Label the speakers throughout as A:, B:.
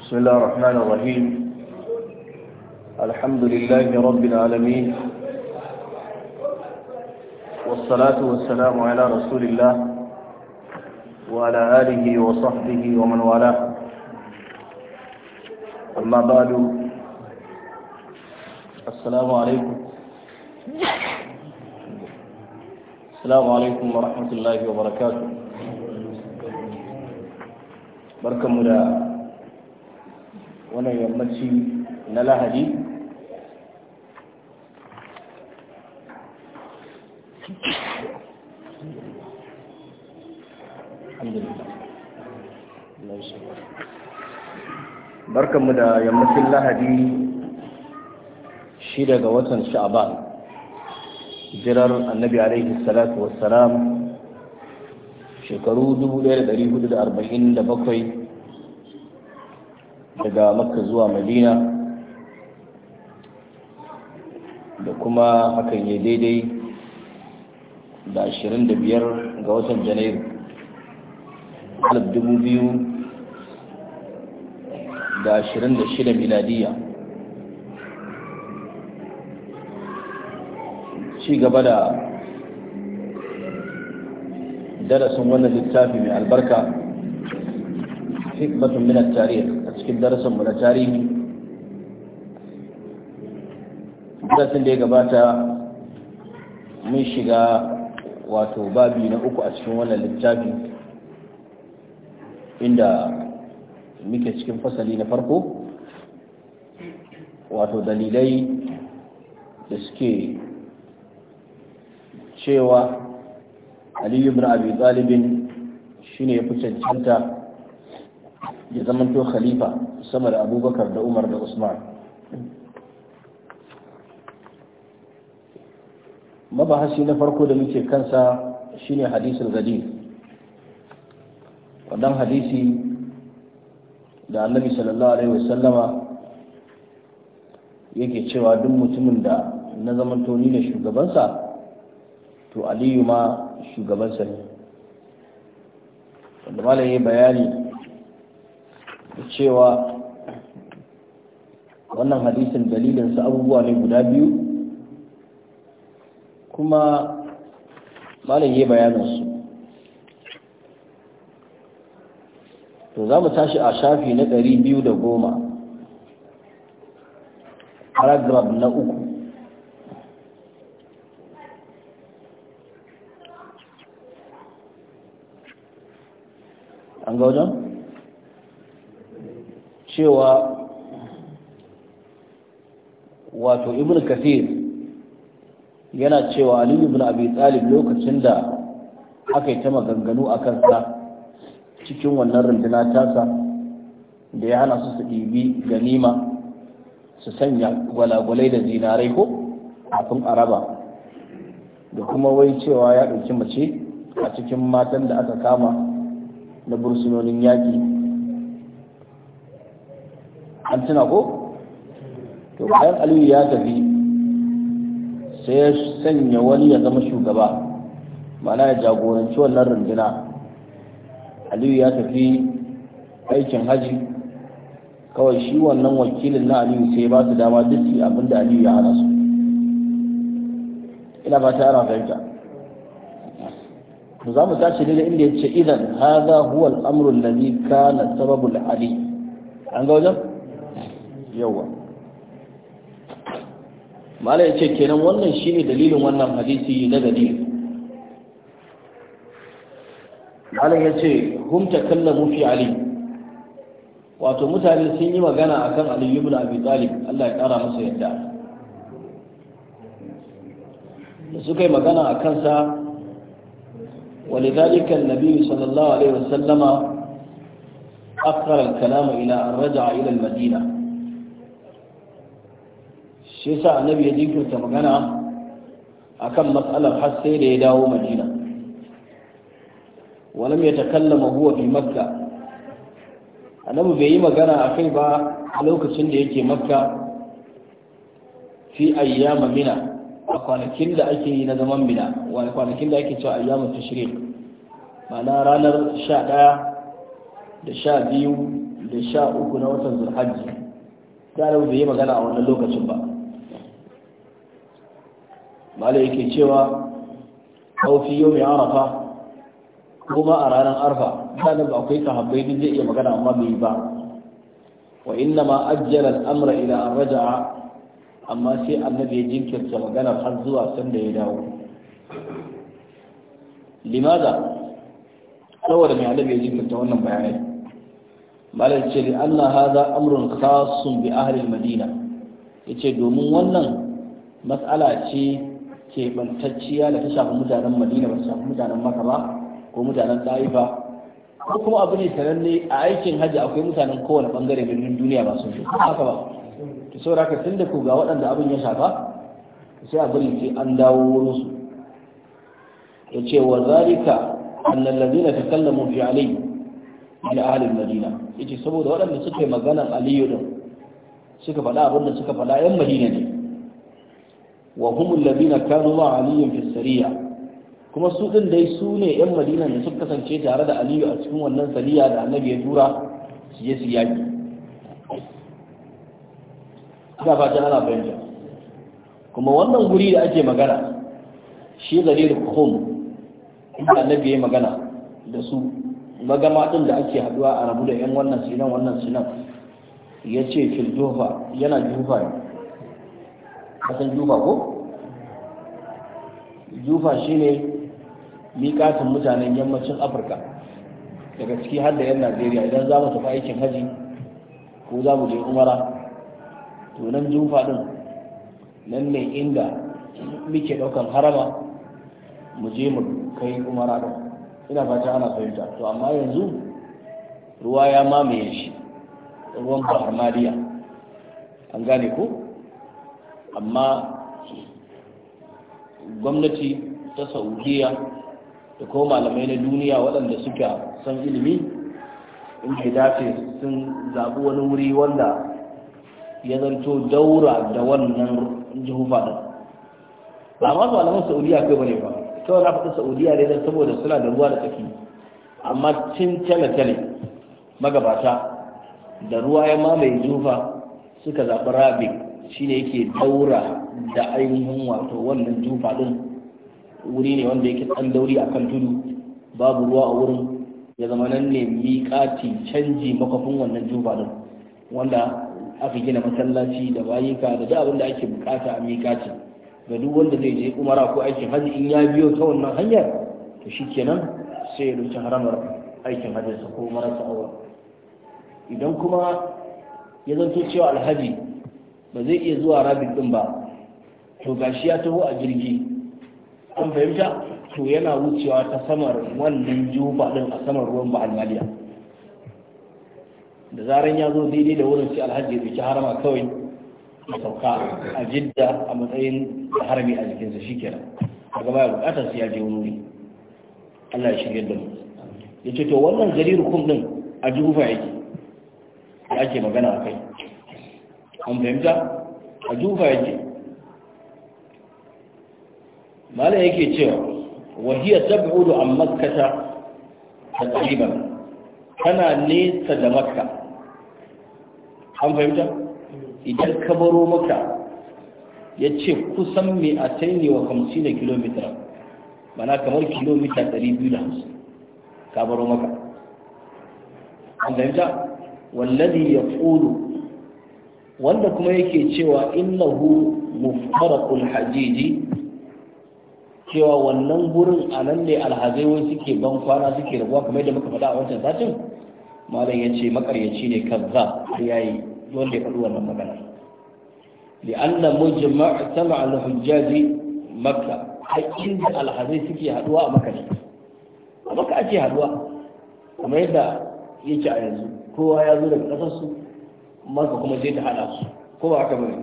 A: بسم الله الرحمن الرحيم الحمد لله رب العالمين والصلاة والسلام على رسول الله وعلى آله وصحبه ومن والاه أما بعد السلام عليكم السلام عليكم ورحمة الله وبركاته بركة مدى wannan yammaci na lahadi barkanmu da yammacin lahadi shi daga watan sha'aban jirar annabi alaihi salatu wassalam shekaru 1447 daga makka zuwa madina da kuma hakan ya daidai da ashirin da biyar ga watan janairu alif dubu biyu da ashirin da shida miladiya ci gaba da darasin wannan littafi mai albarka hikmatun minar tarihi cikin mu na tarihi darasin da ya gabata mun shiga wato babi na uku a cikin wannan littafi inda muke cikin fasali na farko wato dalilai da suke cewa aliyu bin abi talibin shine ya fi cancanta ya zamanto khalifa sama da abubakar da umar da usman mabahasi na farko da muke kansa shine hadisul gadi wannan hadisi da annabi sallallahu alaihi wasallama yake cewa duk mutumin da na zamanto ni ne shugabansa to aliyu ma shugabansa ne wanda malam ya bayani cewa wannan hadisin su abubuwa ne guda biyu kuma malam yi bayaninsu to za mu tashi a shafi na ɗari biyu da goma, paragraf na uku an ga wajen? cewa wato ibn kathir yana cewa Aliyu ibn abi talib lokacin da aka yi ta maganganu a kansa cikin wannan runduna tasa da ya hana su su ɗibi ganima su sanya gwalagwalai da zinarai ko kafin araba da kuma wai cewa ya ɗauki mace a cikin matan da aka kama na bursunonin yaƙi an tuna ko to bayan aliyu ya tafi sai ya sanya wani ya zama shugaba mana ya jagoranci wannan runduna aliyu ya tafi aikin haji kawai shi wannan wakilin na aliyu sai ba su dama duk abinda aliyu ya hana su ina ba ta fahimta to za mu tashi ne inda ya ce idan haza huwa al'amru alladhi kana sababul ali an ga wajen yawa ya ce kenan wannan shine dalilin wannan hadisi na dalil malai ya ce hum takallamu fi ali wato mutane sun yi magana akan ali ibn abi talib Allah ya kara masa yadda da suka yi magana a kansa Nabiyu النبي صلى الله عليه وسلم أخر الكلام إلى أن رجع إلى madina? shi sa annabi ya jinkirta magana a kan matsalar har sai da ya dawo madina walam ya takallama huwa fi makka annabi bai yi magana a kai ba a lokacin da yake makka fi ayyama mina a kwanakin da ake yi na zaman mina wani kwanakin da ake cewa ayyama Ba ma'ana ranar sha ɗaya da sha biyu da sha uku na watan zulhajji da bai yi magana a wannan lokacin ba mala yake cewa haufi yau mai arafa kuma a ranar arfa sanin ba akwai sahabbai duk zai iya magana amma bai ba wa inna ma ajjala al'amra ila an raja'a amma sai annabi ya jinkirta magana har zuwa sanda ya dawo limaza saboda mai annabi ya jinkirta wannan bayanai malam ce li anna hadha amrun khasun bi ahli al-madina yace domin wannan mas'ala ce keɓantacciya da ta shafi mutanen madina ba ta shafi mutanen maka ba ko mutanen ɗaifa ko kuma abu ne sananne a aikin hajji akwai mutanen kowane bangare birnin duniya ba su haka ba ta saura ka tun da ku ga waɗanda abin ya shafa sai a bari sai an dawo wurin su ya ce wa zalika annal ladina takallamu fi alai da ahalin madina ce saboda waɗanda suka yi maganar aliyu din suka faɗa abin da suka faɗa yan madina ne wa humul ladina kanu ma aliyun fi sariya kuma su din dai su ne yan madina da suka kasance tare da aliyu a cikin wannan sariya da annabi ya tura su je su yaki ina fatan ana fahimta kuma wannan guri da ake magana shi zalil qum inda annabi ya magana da su magama din da ake haduwa a rabu da yan wannan sinan wannan sinan ya ce fil yana jufa kasan jufa ko jufa shi ne mikatin mutanen yammacin afirka daga ciki har da yan najeriya idan za mu tafi aikin haji ko za mu je umara to nan jufa din nan ne inda muke ɗaukan harama mu je mu kai umara din ina fata ana fahimta to amma yanzu ruwa ya mamaye shi ruwan bahar an gane ko amma gwamnati ta saudiya da kuma malamai na duniya waɗanda suka san ilimi in ke dace sun zaɓi wani wuri wanda ya zarto daura da wannan jihufa ɗin ba ma su malaman saudiya kai bane ba kawai na fata saudiya ne don saboda suna da ruwa da tsaki amma cin tale-tale magabata da ruwa ya mamaye jihufa suka zaɓi rabin shine yake daura da ainihin wato wannan jufa din wuri ne wanda yake ɗan dauri kan tudu babu ruwa a wurin ya zama nan ne miƙati canji makwafin wannan jufa din wanda aka gina masallaci da bayika da duk abin da ake buƙata a miƙati ga duk wanda zai je umara ko aikin haji in ya biyo ta wannan hanyar to shi kenan sai ya rubuta haramar aikin hajjinsa ko marasa awa idan kuma ya zanto cewa alhaji ba zai iya zuwa rabin din ba to gashi ya taho a jirgi an fahimta to yana wucewa ta samar wannan jufa din a samar ruwan ba almaliya da zaran ya zo daidai da wurin shi alhaji ya ci harama kawai A sauka a jidda a matsayin da harami a jikinsa shi shikenan daga baya bukatar su ya je wuri Allah ya shirya da mu ya ce to wannan jarir kum din a jufa yake Ya ake magana a kai an fahimta a jufa yake malam yake cewa wahiyar tab'udu a makkata ta tsariban tana nesa da makka an fahimta idan ka baro makka ya ce kusan mai a ne wa kamsi da kilomita mana kamar kilomita 250 ka baro makka an fahimta wallazi ya tsoro wanda kuma yake cewa innahu muftarakul hajiji cewa wannan gurin a nan ne alhazai wai suke ban kwana suke rabuwa kamar yadda muka faɗa a wancan satin malam ya ce makaryaci ne kaza ya yi wanda ya faɗi wannan magana li'anna mujma' sama al-hujjaji makka hakkin da alhazai suke haduwa a makka ne a makka ake haduwa kamar yadda yake a yanzu kowa ya zo daga su. maka kuma sai ta hada su ko ba haka bane eh,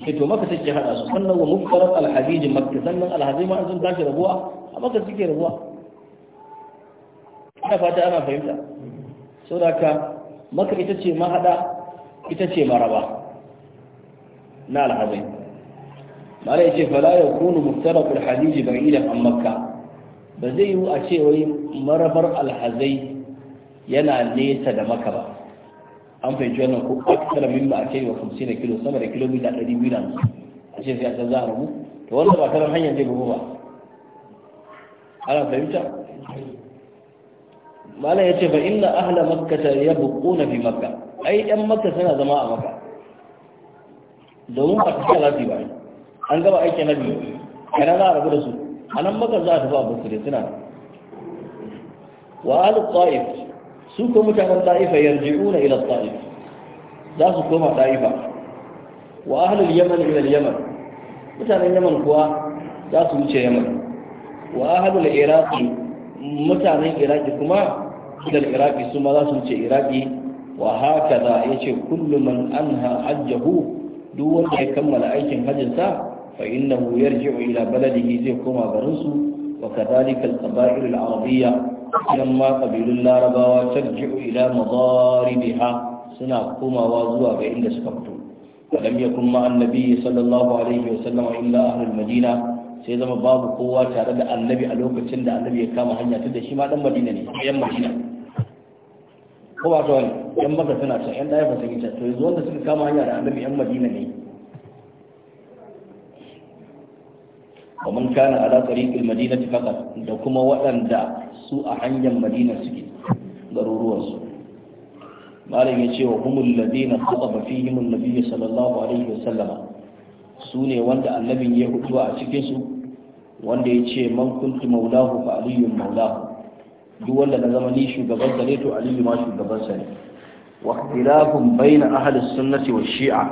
A: sai to maka take hada su sannan wa al alhadid makka sannan alhadid ma an sun tashi rabuwa a maka suke rabuwa ina fata ana fahimta saboda haka maka ita ce mahada ita ce maraba na Al-Hadhi. alhadid mala yace fala yakunu muftarat alhadid ba'idan an makka ba zai yi a ce wai marabar alhazai yana nesa da maka ba an fahimci wannan ko aksara min ba a ce wa kumsi na kilo sama da kilomita ɗari biyu da hamsin a ce sai a can za a rabu to wanda ba taron hanyar zai gobe ba ana fahimta mala ya ce ba inna ahla makka ta ya buƙuna fi makka ai yan makka suna zama a makka domin a tafiya za su yi an gaba aiki na biyu. kana za a rabu da su a nan makka za a tafi a basu da suna wa ahlu ta'if su ko mutanen ta'ifa yarji'una ila ta'if za su koma ta'ifa wa ahlul yaman ila yaman mutanen yaman kuwa za su wuce yaman wa ahlul iraki mutanen iraki kuma ila iraki su ma za su wuce iraki wa haka za hakaza ce kullu man anha hajjahu duk wanda ya kammala aikin hajjinsa fa innahu yarji'u ila baladihi zai koma garinsu wa kadhalika al-qaba'ir al-arabiyya idan ma ƙabilun larabawa tarji'u ila madaribiha suna komawa zuwa ga inda suka fito ولم يكن مع النبي sallallahu alaihi wa sallama إلا أهل madina sai zama babu kowa tare da annabi a lokacin da annabi ya kama hanya ta da shi ma dan madina ne yan madina ko ba ta wani yan maka suna can yan ɗaya, ba sun yi to yanzu wanda suka kama hanya da annabi yan madina ne wa man kana ala tariqil madinati faqat da kuma waɗanda su a hanyar madina suke garuruwan su malam yace wa humul ladina khataba fihim an-nabiy sallallahu alaihi wasallama sune wanda annabin ya hudu a cikin su wanda yace man kuntu maulahu fa aliyyun duk wanda na zama ni shugaban sa ne to aliyu ma shugaban sa ne wa sunnati wa shi'a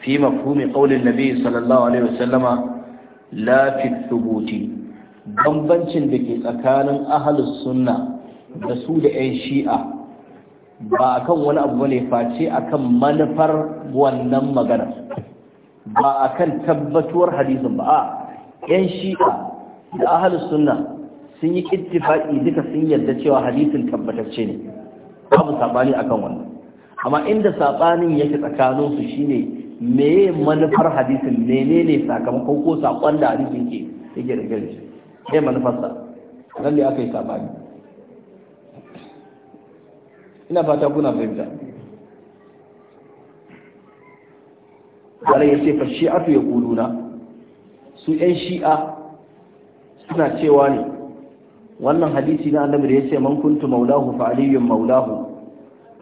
A: fi mafhumi qawli nabi sallallahu alaihi Lafin fi bambancin da ke tsakanin ahalus sunna da su da ƴan shi'a ba akan wani abu ne face akan manufar wannan magana ba kan tabbatuwar hadisin ba ƴan shi'a da ahalus sunna sun yi ittifaqi duka sun yarda cewa hadisin tabbatacce ne babu sabani akan wannan amma inda saɓanin yake tsakanin su shine me manufar hadisin menene sakamakon ko sakon da hadisin ke yake da gari me manufarsa nan da aka yi sabani ina fata kuna fahimta wala ya ce fa shi'atu ya kuluna su yan shi'a suna cewa ne wannan hadisi na annabi da ya ce man kuntu maulahu fa aliyyun maulahu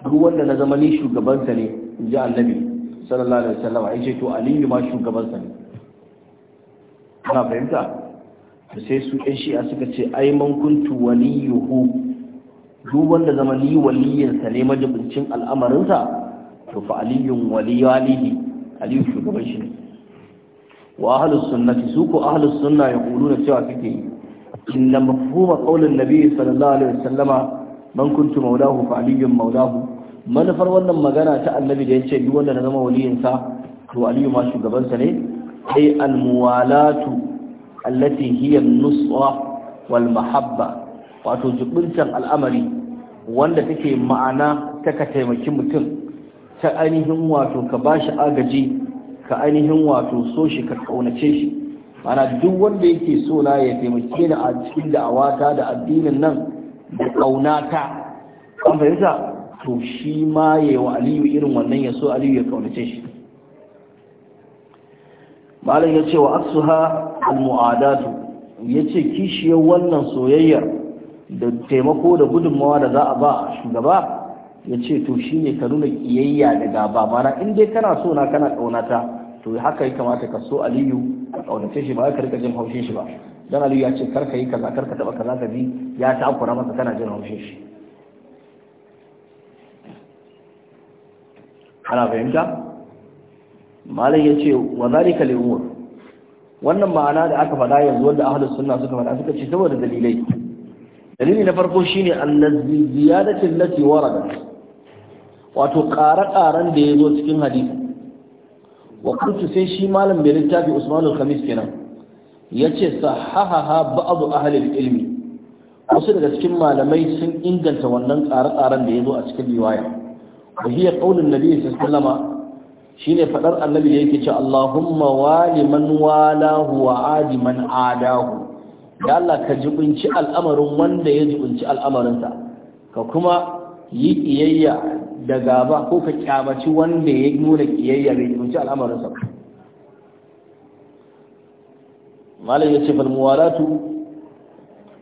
A: duk wanda na zama ni shugabansa ne in ji annabi sallallahu alaihi wasallam ya ce to aliyu ma shugaban sa ne kana fahimta da sai su ɗan shi'a suka ce ai man kuntu waliyuhu duk wanda zama ni waliyin sa ne majibincin al'amarin sa to fa aliyun waliyalihi aliyu shugaban shi ne wa ahlus sunnati su ko ahlus sunna yaquluna cewa kike inna mafhuma qawlin nabiy sallallahu alaihi wasallama man kuntu maulahu fa aliyun maulahu manufar wannan magana ta annabi da ce duk wanda na zama waliyinsa to aliyu ma shugabansa ne ai almuwalatu allati hiya nusra wal mahabba wato jubuntan al'amari wanda take ma'ana ta ka taimaki mutum ta ainihin wato ka ba shi agaji ka ainihin wato so shi ka kaunace shi ana duk wanda yake so na ya taimake ni a cikin da'awata da addinin nan da kaunata an fahimta to shi ma ya yi wa aliyu irin wannan ya so aliyu ya kaunace shi malam ya ce wa asuha al-mu'adatu ya ce kishiyar wannan soyayyar da taimako da gudunmawa da za a ba a shugaba ya ce to shi ne ka nuna kiyayya da gaba mana in dai kana so na kana kaunata to haka ya kamata ka so aliyu ka kaunace shi ba ka rika jin haushin shi ba dan aliyu ya ce karka yi kaza karka taba kaza ka bi ya takura masa kana jin haushin shi ana fahimta malam ya ce wa zalika li wannan ma'ana da aka faɗa yanzu wanda ahlus sunna suka faɗa suka ce saboda dalilai dalili na farko shine allazi ziyadati allati waradat wato ƙara-ƙaran da ya zo cikin hadisi wa kuntu sai shi malam bai littafi Usman al-Khamis kenan yace sahahaha ba'd ahli al-ilmi wasu daga cikin malamai sun inganta wannan ƙara-ƙaran da ya zo a cikin riwaya وهي قول النبي صلى الله عليه وسلم shine fadar annabi da yake ce Allahumma wali man walahu wa adi man adahu da Allah ka jibinci al'amarin wanda ya jibinci al'amarinsa ka kuma yi kiyayya da gaba ko ka kyamaci wanda ya nuna kiyayya da jibinci al'amarinsa malam yace fal muwalatu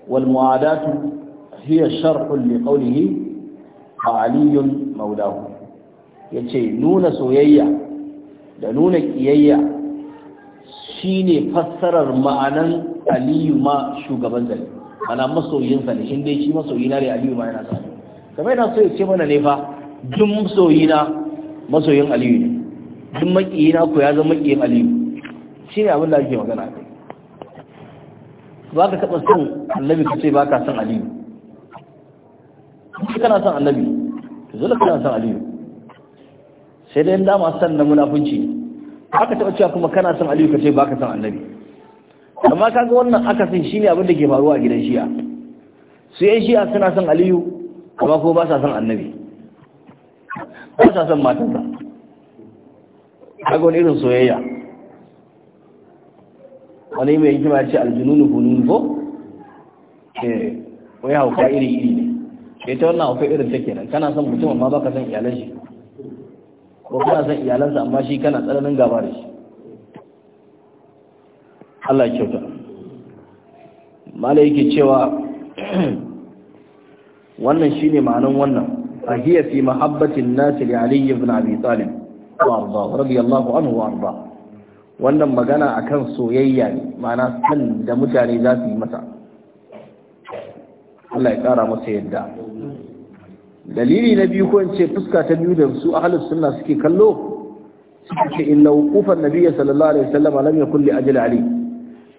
A: wal muadatu hiya shar'un li qawlihi aliyun ya ce nuna soyayya da nuna kiyayya shine fassarar ma'anan aliyu ma shugaban zali mana masoyin sa ne dai shi masoyina ne aliyu ma yana sani kamar yana so ya ce mana ne fa duk masoyina masoyin aliyu ne duk makiyina ko ya zama makiyin aliyu ne abin da ake magana kai ba ka taɓa son annabi ka ce ba ka son aliyu kana son annabi dole kana san aliyu sai dai dama san na munafunci aka taɓa cewa kuma kana san aliyu ka ce baka san annabi amma kaga wannan aka san shine abin da ke faruwa a gidan shi'a su yan shi'a suna san aliyu amma ko ba sa san annabi ba sa san matarsa kaga wani irin soyayya wani mai hikima ya ce aljununu bunun ko eh, wai hauka iri iri ne ita wannan akwai irin take nan kana son mutum amma baka son iyalan shi ko kana son iyalansa amma shi kana tsananin gaba da shi Allah ya kyauta malaiki cewa wannan shine ma'anan wannan fahiya fi mahabbatin nasi li ali ibn abi talib wa arda radiyallahu anhu wa arda wannan magana akan soyayya ne ma'ana san da mutane za su yi masa Allah ya kara masa yadda dalili na biyu ko in ce fuska ta biyu da su ahlus sunna suke kallo suke ce in lawqufan nabiyyi sallallahu alaihi wasallam lam yakul li ajli ali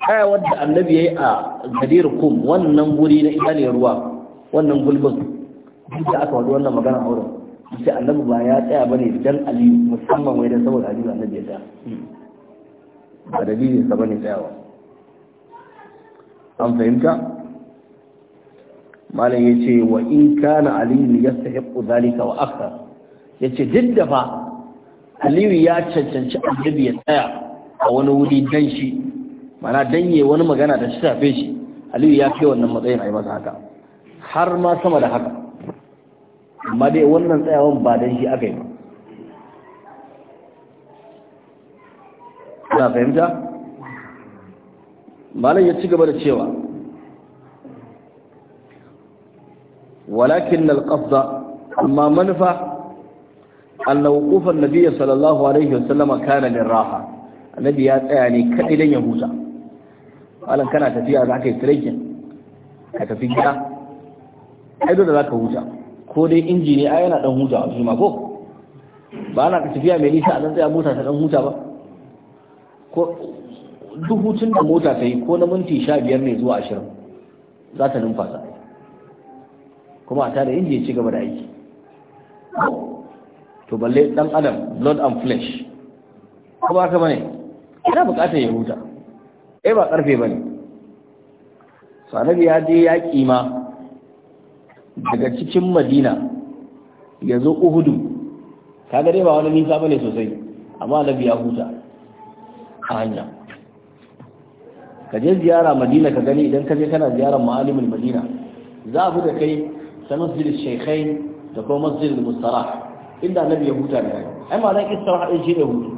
A: aya wadda annabi yayi a gadir kum wannan guri na idaniyar ruwa wannan gulbin duk da aka wadu wannan magana auren sai annabi ba ya tsaya bane dan Ali musamman wai dan saboda aliyu annabi ya tsaya ba dalilin sa bane tsayawa an fahimta malam ya ce wa in kana aliyu ya sahibu zalika wa akthar ya ce duk da fa aliyu ya cancanci annabi ya tsaya a wani wuri dan shi mana danye wani magana da shi tafe shi aliyu ya fi wannan matsayin a yi masa haka har ma sama da haka amma dai wannan tsayawan ba dan shi aka yi ba na fahimta malam ya ci gaba da cewa walakin alqafda amma manufa an lauqufan nabiyyi sallallahu alaihi wasallama kana liraha annabi ya tsaya ne kadai dan ya huta alan kana tafiya za ka yi trekking ka tafi gida ai za ka huta ko dai inji yana dan huta a ma ko ka tafiya mai nisa a nan tsaya mota ta huta ba duk hutun da mota ta yi ko na minti biyar ne zuwa ashirin za ta numfasa kuma a tare inda ya ci gaba da aiki to balle dan adam blood and flesh kuma haka bane Ina bukatar ya huta eh ba karfe bane sanabi ya je yaƙi ma daga cikin madina ya zo uhudu kaga dai ba wani nisa bane sosai amma annabi ya huta a hanya ka je ziyara madina ka gani idan ka je kana ziyarar ma'alimin madina za a fi da kai ta masjidin shekai da kuma masjidin mustara inda annabi ya huta da rana ai ma zan istar haɗin shi da hutu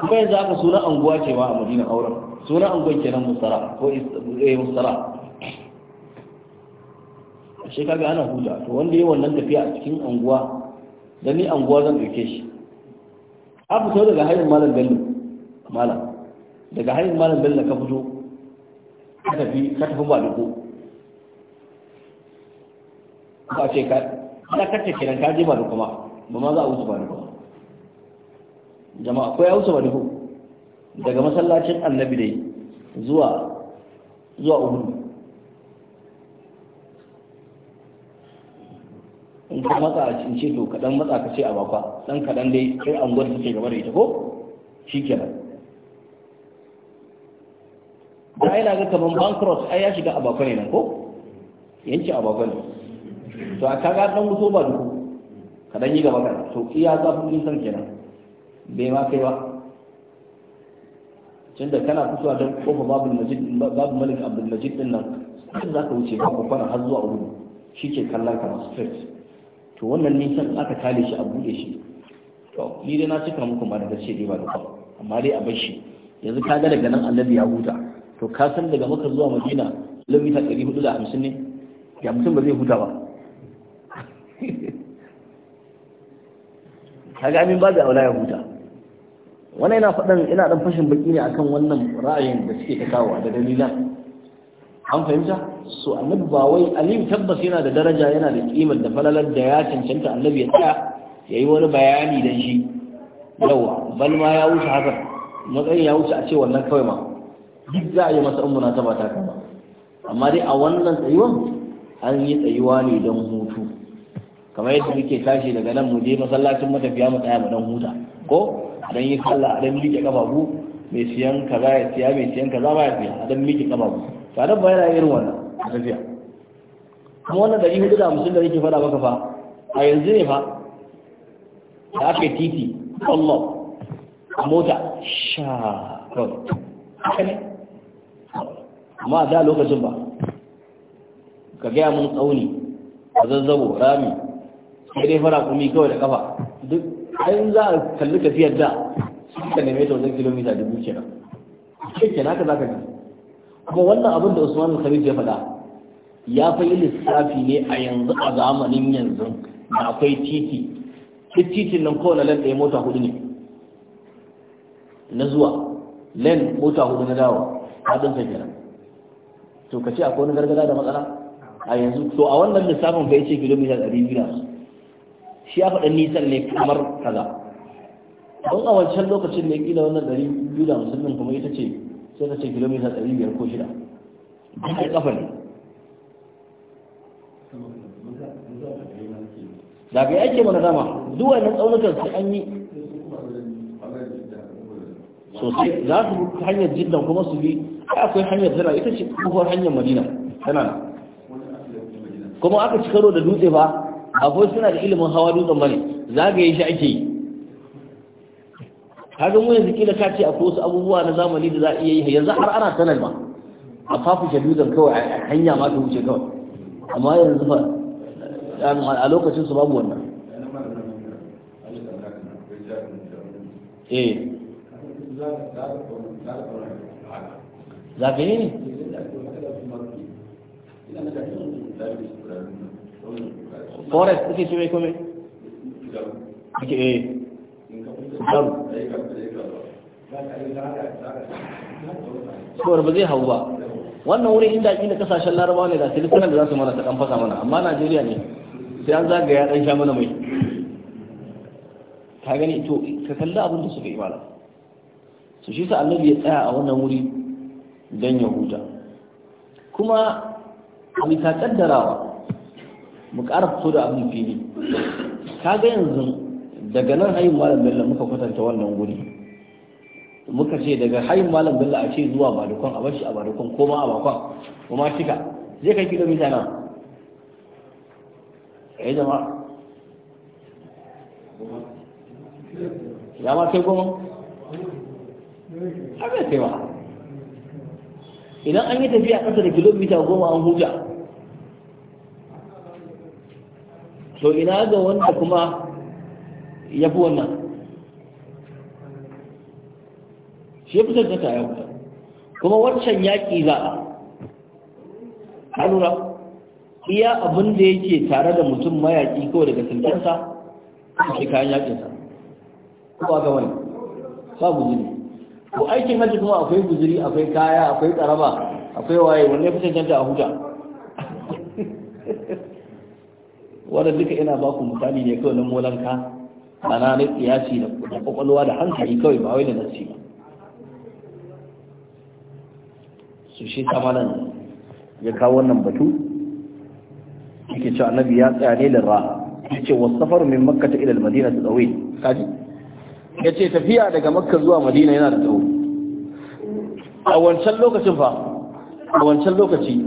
A: kuma yanzu aka sunan anguwa cewa a madina auren sunan anguwan kenan mustara ko eh, ana huta to wanda yi wannan tafiya a cikin anguwa da ni anguwa zan ɗauke shi a fito daga hayin malam bello malam daga hayin malam bello ka fito ka tafi ka tafi ba duku ba ce ka ana kacce kiran ka jima ba da kuma ba ma za a wuce ba da kuma jama'a ko ya wuce ba da daga masallacin annabi dai zuwa zuwa uhudu in ka matsa a cince to kaɗan matsa ka ce a bakwa ɗan kaɗan dai sai an gwada take gaba da ita ko shi kenan da ai na ga kaman bankrupt ai ya shiga a bakwa ne nan ko yanki a bakwa ne to a kaga dan wuto ba duku ka dan yi gaba ka to iya zafin nisan kenan bai ma kai ba tunda kana fitowa don kofa babu majid babu malik abdul majid din nan sai za ka wuce ba kwana har zuwa uku shi ke kallon ka masu straight to wannan nisan aka kale shi a bude shi to ni dai na cika muku ba daga ce dai ba duka amma dai a bar shi yanzu ka ga daga nan annabi ya huta to ka san daga maka zuwa madina kilomita 450 ne ya mutum ba zai huta ba kaga amin ba da aula ya huta wannan yana faɗan ina dan fashin baki ne akan wannan ra'ayin da suke ta kawo da dalilan an fahimta so annabi ba wai alim tabbas yana da daraja yana da kimar da falalar da ya cancanta annabi ya tsaya yayi wani bayani da shi yawa bal ma ya wuce haka matsayin ya wuce a ce wannan kawai ma duk za a yi masa ummuna ta ba ta amma dai a wannan tsayuwan an yi tsayuwa ne don hutu kamar yadda muke tashi daga nan mu je masallacin matafiya mu tsaya mu dan huta ko dan yi sallah dan miƙe kafafu mai siyan kaza ya siya mai siyan kaza ba ya siya a dan miƙe kafafu to dan ba yana irin wannan tafiya kuma wannan dari hudu da hamsin da yake faɗa maka fa a yanzu ne fa da aka titi Allah mota sha kawai ne amma da lokacin ba ka gaya mun tsauni a zazzabo rami sai dai fara kumi kawai da kafa duk ai za a kalli tafiyar da suka neme ta wajen kilomita dubu kenan ke kenan haka za ka ji. kuma wannan abin da usman al-khalid ya faɗa ya fa yi lissafi ne a yanzu a zamanin yanzu da akwai titi duk titin nan kowane lan ɗaya mota hudu ne na zuwa len mota hudu na dawa haɗin sa kenan to ka ce akwai wani gargada da matsala a yanzu to a wannan lissafin fa ce kilomita ɗari biyar. shi ya faɗa nisan ne kamar kaza don a wancan lokacin ne kila wannan ɗari biyu da musulmin kuma ita ce sai ta ce kilomita ɗari biyar ko shida duk ƙafa ne daga yake mana dama duk wannan tsaunukan sai an yi sosai za su bi hanyar jiddan kuma su bi akwai hanyar zira ita ce kuma hanyar madina tana kuma aka ci karo da dutse ba abu suna da ilimin hawa dutsen bane zagaye shi ake yi kaga mu yanzu kila ka ce akwai wasu abubuwa na zamani da za a iya yi yanzu har ana sanar ma a fafi dutsen kawai a hanya ma ta wuce kawai amma yanzu fa a lokacin su babu wannan eh zagaye ne forest suke ce mai kome
B: suke eh daru suwar ba zai hau ba wannan wurin
A: inda ake da kasashen larabawa ne da silikunan da za su mana ta kan fasa mana amma najeriya ne sai an zagaya dan sha mana mai Ta gani to ka kalli abin da suka yi malam su shi sa annabi ya tsaya a wannan wuri don ya huta kuma a bisa kaddarawa mu ƙara fito da abin fili kaga yanzu daga nan hayin malam bello muka kwatanta wannan guri muka ce daga hayin malam bello a ce zuwa badukon a bashi a badukon ko ma a bakon ko ma shika zai kai kilomita nan eh jama'a ya ma kai goma a kai ba idan an yi tafiya ƙasa da kilomita goma an huta to ina ga wanda kuma ya fi wannan shi ya fi zantata ya yau kuma wancan yaƙi za a halura iya abin da yake tare da mutum mayaƙi ko daga sultansa shi kayan yaƙinsa kuma ga wani ba guzuri ko aikin hajji kuma akwai guzuri akwai kaya akwai ƙarama akwai waye wanne ya fi cancanta a huta wanda duka ina ba ku misali ne kawai nan molanka ana na kiyasi da kwakwalwa da hankali kawai ba wai da nasi ba su shi samanan ya kawo wannan batu yake cewa annabi ya tsaya ne lirra wa safar min makka ta ila madina ta tsawil kaji yace tafiya daga makka zuwa madina yana da tsawo a wancan lokacin fa a wancan lokaci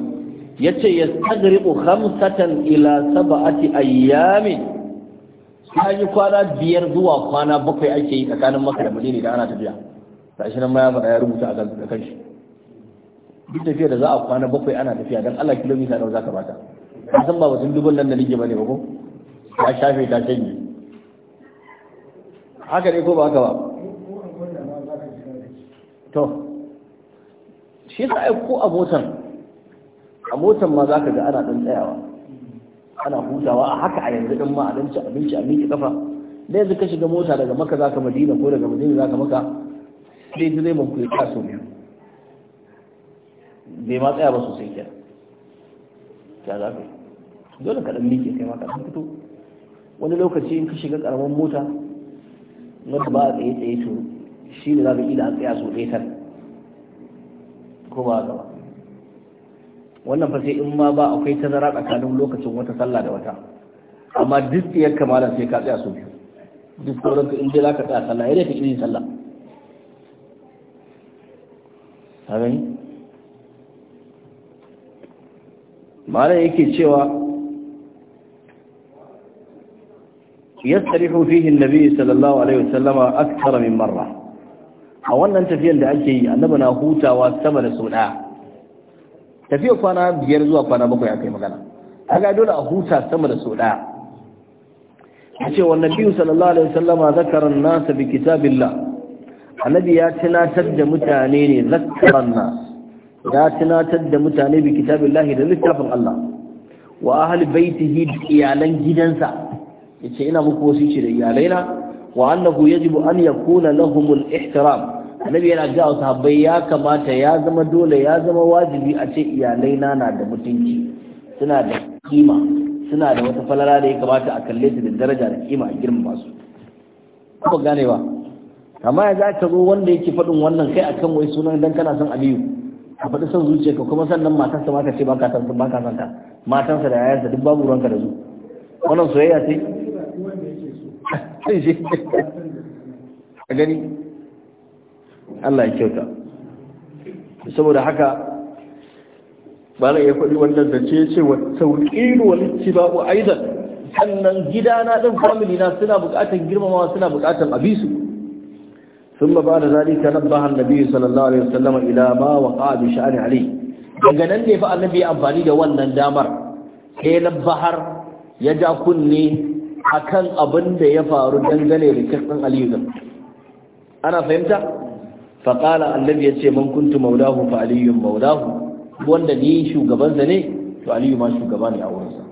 A: yace yastagriqu khamsatan ila sab'ati ayyamin sai kwana biyar zuwa kwana bakwai ake yi tsakanin Makka da Madina idan ana tafiya shi nan ma ya faɗa ya rubuta a kan shi. duk tafiya da za a kwana bakwai ana tafiya dan Allah kilomita nawa zaka bata ka san ba batun dubun nan da nige bane ba ko Ya shafe ta canji haka ne ko ba haka ba to shi sa ai ko abotan a motar ma za ka ga ana ɗan tsayawa ana hutawa a haka a yanzu ɗin ma a ɗan ci abinci a miƙe ƙafa, da yanzu ka shiga mota daga maka za ka madina ko daga madina za ka maka sai direban ku ya kaso biyu bai ma tsaya ba sosai kyan ya za ka yi dole ka ɗan miƙe kai ma ka ɗan fito wani lokaci in ka shiga ƙaramin mota wanda ba a tsaye tsaye to shi ne za ka ƙila a tsaya so ɗaya tan ko ba a gaba wannan fa sai in ma ba akwai tazara tsakanin lokacin wata sallah da wata amma duk da ya kamala sai ka tsaya so biyu duk sauranka in dai zaka tsaya sallah yadda kake yin sallah sabai malam yake cewa yastarihu fihi annabi sallallahu alaihi wasallama akthar min marra a wannan tafiyar da ake yi annabi na hutawa sama da sau daya tafiya kwana biyar zuwa kwana bakwai aka yi magana kaga dole a huta sama da sau ɗaya. A ce wannan biyu sallallahu alaihi wasallama zakara an-nas bi kitabillah annabi ya tunatar da mutane ne zakara an ya tunatar da mutane bi kitabillah da littafin Allah wa ahli baitihi iyalan gidansa yace ina muku wasici da iyalaina wa annahu yajibu an yakuna lahumul ihtiram annabi yana ga sahabbai ya kamata ya zama dole ya zama wajibi a ce iyalai na na da mutunci suna da kima suna da wata falala da ya kamata a kalle su da daraja da kima a girma masu kuma ganewa amma ya za ka zo wanda yake faɗin wannan kai akan wai sunan dan kana son aliyu a faɗi son zuciya ka kuma sannan matarsa ma ka ce baka san baka san ta matarsa da yayansa duk babu ruwanka da su wannan soyayya ce a gani Allah ya kyauta saboda haka bala ya faɗi wannan da ce ce wa tawqiru wal ittiba'u aizan sannan gidana din family na suna buƙatar girmamawa suna buƙatar abisu ba ba'da zalika nabbaha bahar nabi sallallahu alaihi wasallam ila ma wa sha'ni ali daga nan ne fa annabi ya amfani da wannan damar sai nabbahar ya ja kunne akan abin da ya faru dangane da kisan aliyu ana fahimta faƙala annabi ya ce man kuntu maulahu fa aliyun maulahu wanda ni shugabansa ne to aliyu ma shugaba ne a wurinsa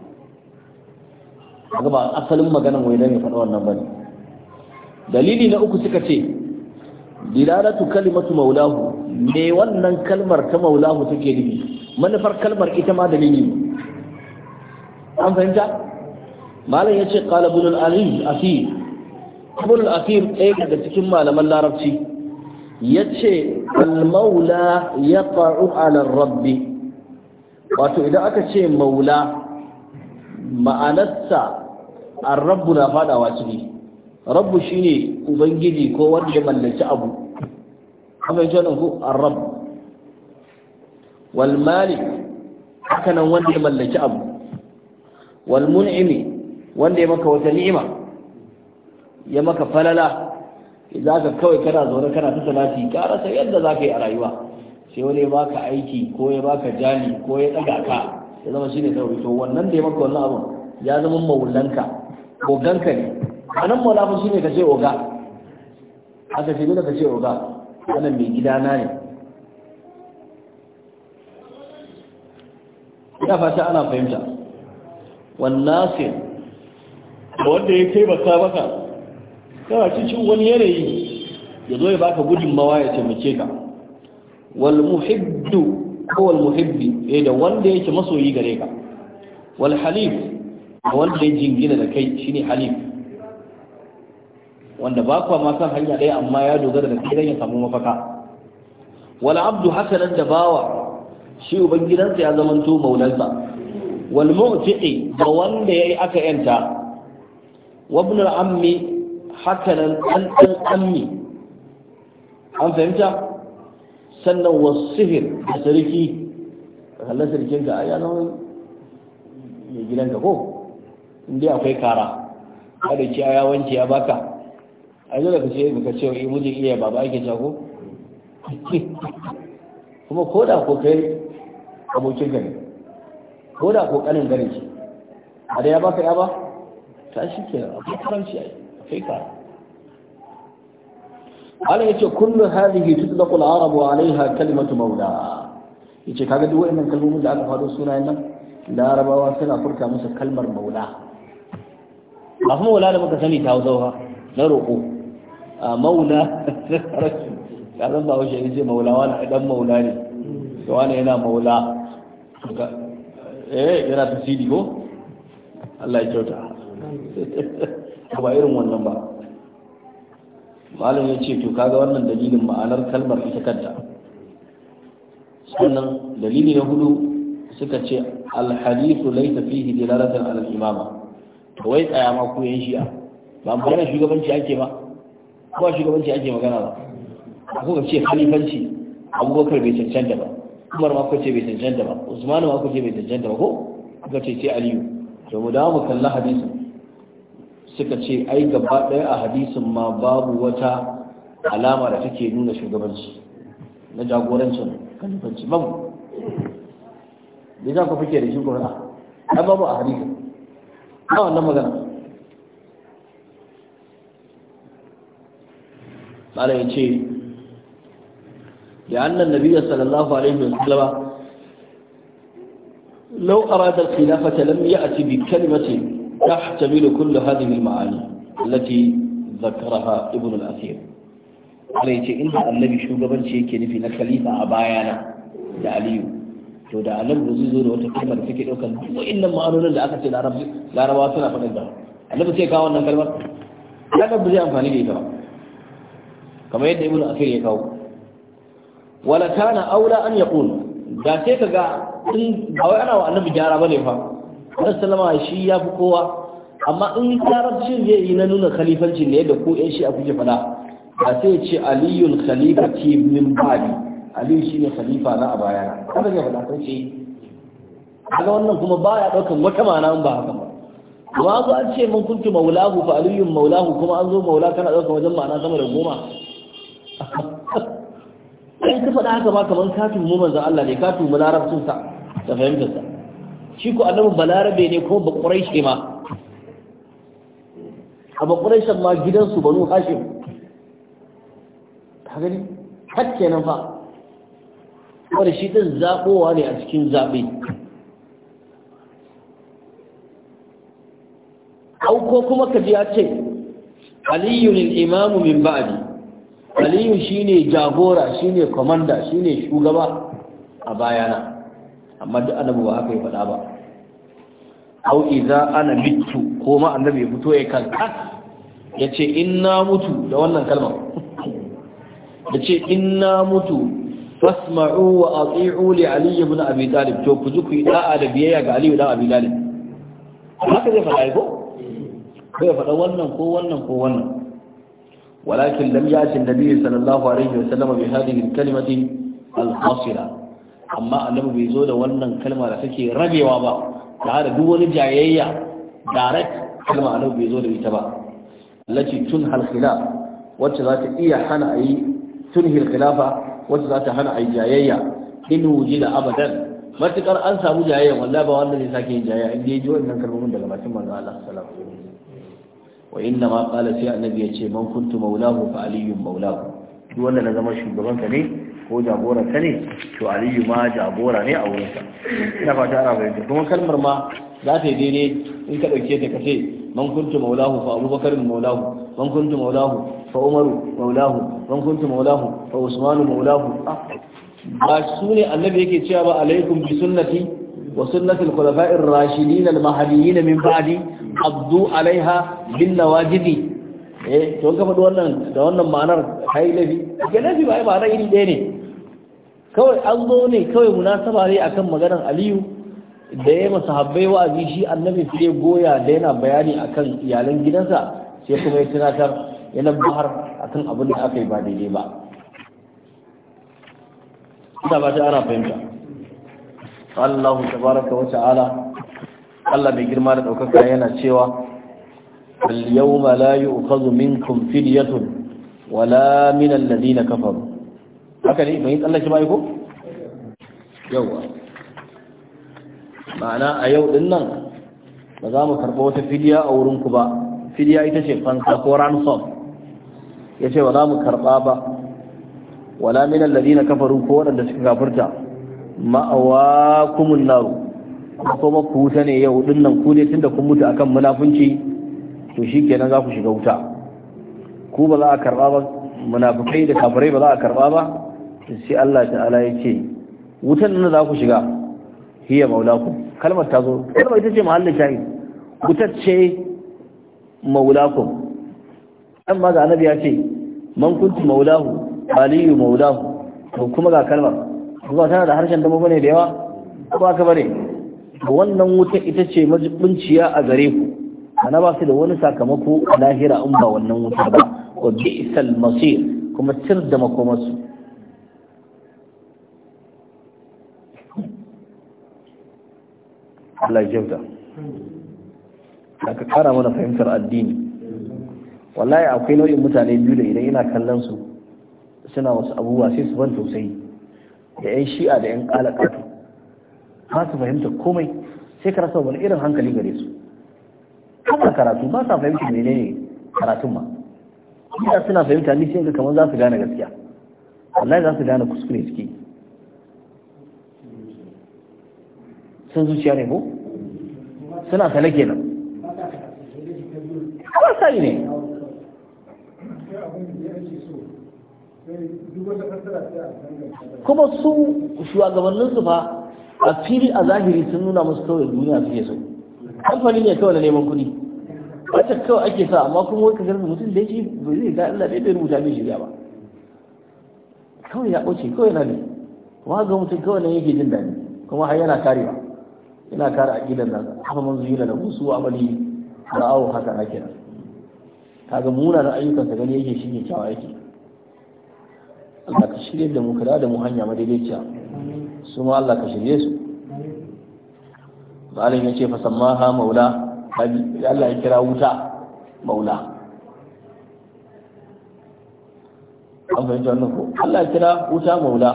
A: ba asalin maganan wai ne ya faɗa wannan ne. dalili na uku suka ce dilalatu kalimatu maulahu me wannan kalmar ta maulahu take nufi manufar kalmar ita ma dalili an fahimta malam yace qala ibn al-ali asir ibn asir ɗaya daga cikin malaman larabci Ya ce, al-maula faru ala rabbi wato idan aka ce maula ma'anarsa al rabbu na fadawa ciki rabbu shine ubangiji ko wanda ya mallaki abu kuma yace ku? al ar wal malik haka nan wanda ya mallaki abu wal mun'imi wanda ya maka wata ni'ima ya maka falala za ka kawai kana zaune kana ta salati karasa yadda za ka yi a rayuwa sai wani ya baka aiki ko ya baka jali ko ya ɗaga ka ya zama shi ne kawai to wannan da ya maka wannan abun ya zama maulanka oganka ne a nan maula shi ne ka ce oga aka ce dole ka ce oga wannan mai gidana ne ya fata ana fahimta wannan sai wanda ya taimaka maka kawai cikin wani yanayi ya zo ya baka gudunmawa ya taimake ka wal muhibbu ko wal muhibbi eh da wanda yake masoyi gare ka wal halif wanda ya jingina da kai shine halif wanda ba kuwa ma san hanya ɗaya amma ya dogara da kai ya samu mafaka wal abdu hakanan da bawa shi ubangidansa ya zamanto maulansa wal mu'tiqi da wanda yayi aka yanta wa ammi hakanan dan ɗan ammi an fahimta sannan wa sihir da sarki kallon sarkin ga a yanar mai gidan ka ko inda akwai kara Kada da ciya ya wanke ya baka a yi daga ce ka ce wa eh, imujin iya baba ake jago kuma ko da ko kai abokin gari ko da ko kanin gari ce a da ya baka ya ba ta shi ke akwai karanci a yi kai ka Allah yace kullu hadhihi tutlaqu al-arabu 'alayha kalimatu maula yace kaga duk wayannan kalmomin da aka fado sunayen nan larabawa suna furta musu kalmar maula ba fa maula da muka sani ta hausa na roƙo a maula rashi ya zan ba haushe yace maula wani dan maula ne to wani yana maula eh yana tasiri ko Allah ya kyauta ta ba irin wannan ba malam ya ce to kaga wannan dalilin ma'anar kalmar ita kanta sannan dalili na hudu suka ce alhadisu laita fihi dilalatan ala imama to wai tsaya ma ku yan shi'a ba yana shugabanci ake ba ko shugabanci ake magana ba ka ce khalifanci abubakar bai cancanta ba umar ma ko ce bai cancanta ba usman ma ko ce bai cancanta ba ko ka ce sai aliyu to mu dawo mu kalla hadisin suka ce ai gaba ɗaya a hadisin ma babu wata alama da take nuna shugabanci na jagorancin kalifanci babu da za ku fike da shi ƙura ai babu a hadisin na wannan magana tsara ya ce da annan nabiya sallallahu alaihi wasallama lau arada khilafata lam ya'ti bi kalimatin تحتمل كل هذه المعاني التي ذكرها ابن الأثير عليه ce inda annabi shugabanci yake na khalifa a bayana da aliyu to da annabi zai zo da wata kalmar da take daukar duk wa'annan ma'anonin da aka ce larabawa suna faɗin ba annabi sai kawo wannan kalmar kaga ba zai amfani da ita yadda ibnu akhir ya kawo wala kana aula da kaga ana wa fa Annabi shi ya fi kowa amma in larabcin zai yi na nuna Khalifanci, ne da ku yan shi a kuke fada ba sai ya ce aliyun ke min ba'di aliyu ne khalifa na a bayana kada ya fada kan shi kaga wannan kuma baya ɗaukan wata mana ba haka ba an zo an ce mun kuntu maulahu fa aliyun maulahu kuma an zo maula kana ɗaukan wajen ma'ana sama da goma sai ka faɗa haka ba kamar ka mu manzan Allah ne ka mu larabcin sa da fahimtarsa shi ko annabi balarabe ne kuma ba quraishi ma a ba quraishi ma gidansu banu hashim ta gani hakke nan fa wanda shi din zabowa ne a cikin zabe au ko kuma ka ji ya ce aliyun al-imamu min ba'di aliyu shine jagora shine komanda shine shugaba a bayana amma duk annabi ba haka ya faɗa ba au idza ana mitu ko ma annabi ya fito ya kanka ya ce in na mutu da wannan kalmar ya ce in na mutu fasma'u wa ati'u li ali ibn abi talib to ku ji ku yi da'a da biyayya ga ali ibn abi talib haka zai faɗa ko ko ya faɗa wannan ko wannan ko wannan walakin lam ya'ti an-nabi sallallahu alaihi wa sallam bi hadhihi al-kalimati al-qasira amma annabi bai zo da wannan kalma da take rabewa ba ta da duk wani jayayya direct kalma annabi bai zo da ita ba allati tun hal wacce za ta iya hana a yi tun hil wacce za ta hana ayi jayayya in wuji da abadan matukar an samu jayayya wallahi ba wanda zai sake yin jayayya In ya ji wannan kalmomin daga bakin manzo Allah sallallahu alaihi wasallam wa inna ma qala sai annabi ya ce man kuntu maulahu fa aliyyun maulahu duk wanda na zama shugaban ka ne ko jagoran ta ne to aliyu ma jagora ne a wurinsa ina fata ana fahimta kuma kalmar ma za ta yi daidai in ka ɗauke ta kace man kuntu maulahu fa abubakar maulahu man kuntu maulahu fa umaru maulahu man kuntu maulahu fa usmanu maulahu ah, ba su ne annabi yake cewa ba alaikum bi sunnati wa sunnatul khulafa'ir rashidin al-mahdiyyin min ba'di abdu Alayha bin nawajidi eh to ka faɗi wannan da wannan ma'anar kai lafi ga lafi ba ai ma'anar iri ɗaya ne kawai an zo ne kawai munasaba ne akan maganar aliyu da ya masa habbai wa'azi shi annabi sai goya da yana bayani akan iyalan gidansa sai kuma ya tunatar yana bahar akan abin da aka yi ba daidai ba ita ba ta ana fahimta Allah tabaraka wa ta'ala Allah mai girma da ɗaukaka yana cewa al yawma la yu'khadhu minkum fidyatun wala min alladhina kafaru haka ne mai tsallake ba ko yawa ma'ana a yau din nan ba za mu karɓa wata fidiya a wurinku ba fidiya ita ce fansa ko ransom ya ce ba za mu karɓa ba wala min na kafaru ko waɗanda suka gafarta ma'awa kumun naru kuma ku wuta ne yau din nan ku ne tunda kun mutu akan munafunci to shikenan za ku shiga wuta ku ba za a karɓa ba munafukai da kafirai ba za a karɓa ba sai Allah ta'ala ya ce wutan nan za ku shiga hiya Maulaku kalmar ta zo kalmar ita ce mahallin shahid wutar ce Maulaku. ɗan ma ga annabi ya ce man kunti maulahu aliyu maulahu to kuma ga kalmar kuma tana da harshen dama bane da yawa ba ka bane wannan wutar ita ce majibinciya a gare ku ana ba su da wani sakamako a lahira in ba wannan wutar ba wa bi'sal masir kuma tir da makomarsu Allah ya da ka kara mana fahimtar addini wallahi akwai nau'in mutane biyu da idan ina kallon su suna wasu abubuwa sai su ban tausayi da yan shi'a da yan kalakatu ba su fahimta komai sai ka rasa wani irin hankali gare su haka karatu ba sa fahimta menene karatun ma ina suna fahimta ni sai ga kamar za su gane gaskiya wallahi za su gane kuskure suke sun zuciya ne ko suna sale kenan ba sai ne kuma su shugabannin su fa a fili a zahiri sun nuna musu kawai duniya su ke so kamfani ne kawai na neman kuɗi wacce kawai ake sa amma kuma wata garba mutum da yake ba zai ga Allah da ya mutane shi ba kawai ya ɓoce kawai na ne kuma ga mutum kawai na yake jin daɗi kuma har yana karewa ina kare aqidan nan haka man zuyina da su amali awo haka ake nan kaga da ayyukan sa gani yake shine cewa yake Allah ka shirye da mu kada da mu hanya madaidaiciya su ma Allah ka shirye su malam ya ce fasammaha maula Allah ya kira wuta maula an fahimci wannan ko Allah ya kira wuta maula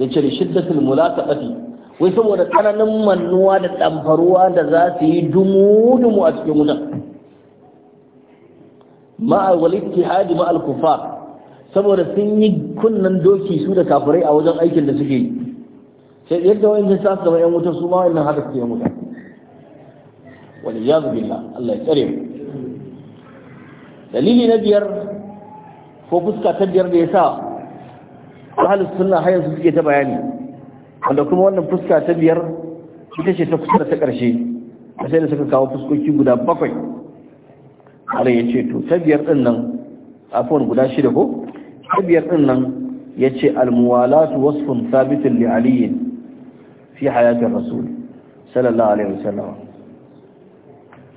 A: ya ce da shiddatul mulaqati wai saboda tsananin mannuwa da ɗamfaruwa da za su yi dumu-dumu a cikin wutan ma'awal ittihadi ma'al kufar saboda sun yi kunnan doki su da kafirai a wajen aikin da suke yi sai yadda wani sun sa kamar yan wutan su ma wannan haka suke yan wutan. wani ya billah Allah ya tsare mu dalili na biyar ko fuska ta biyar da ya sa ahalus sunna har yanzu suke ta bayani wanda kuma wannan fuska ta biyar ita ce ta kusa ta ƙarshe sai da suka kawo fuskoki guda bakwai Allah ya ce to ta biyar ɗin nan afwan guda shida ko ta biyar ɗin nan ya ce almuwalatu wasfun sabitin li Aliyu, fi hayatin rasul sallallahu alaihi wasallam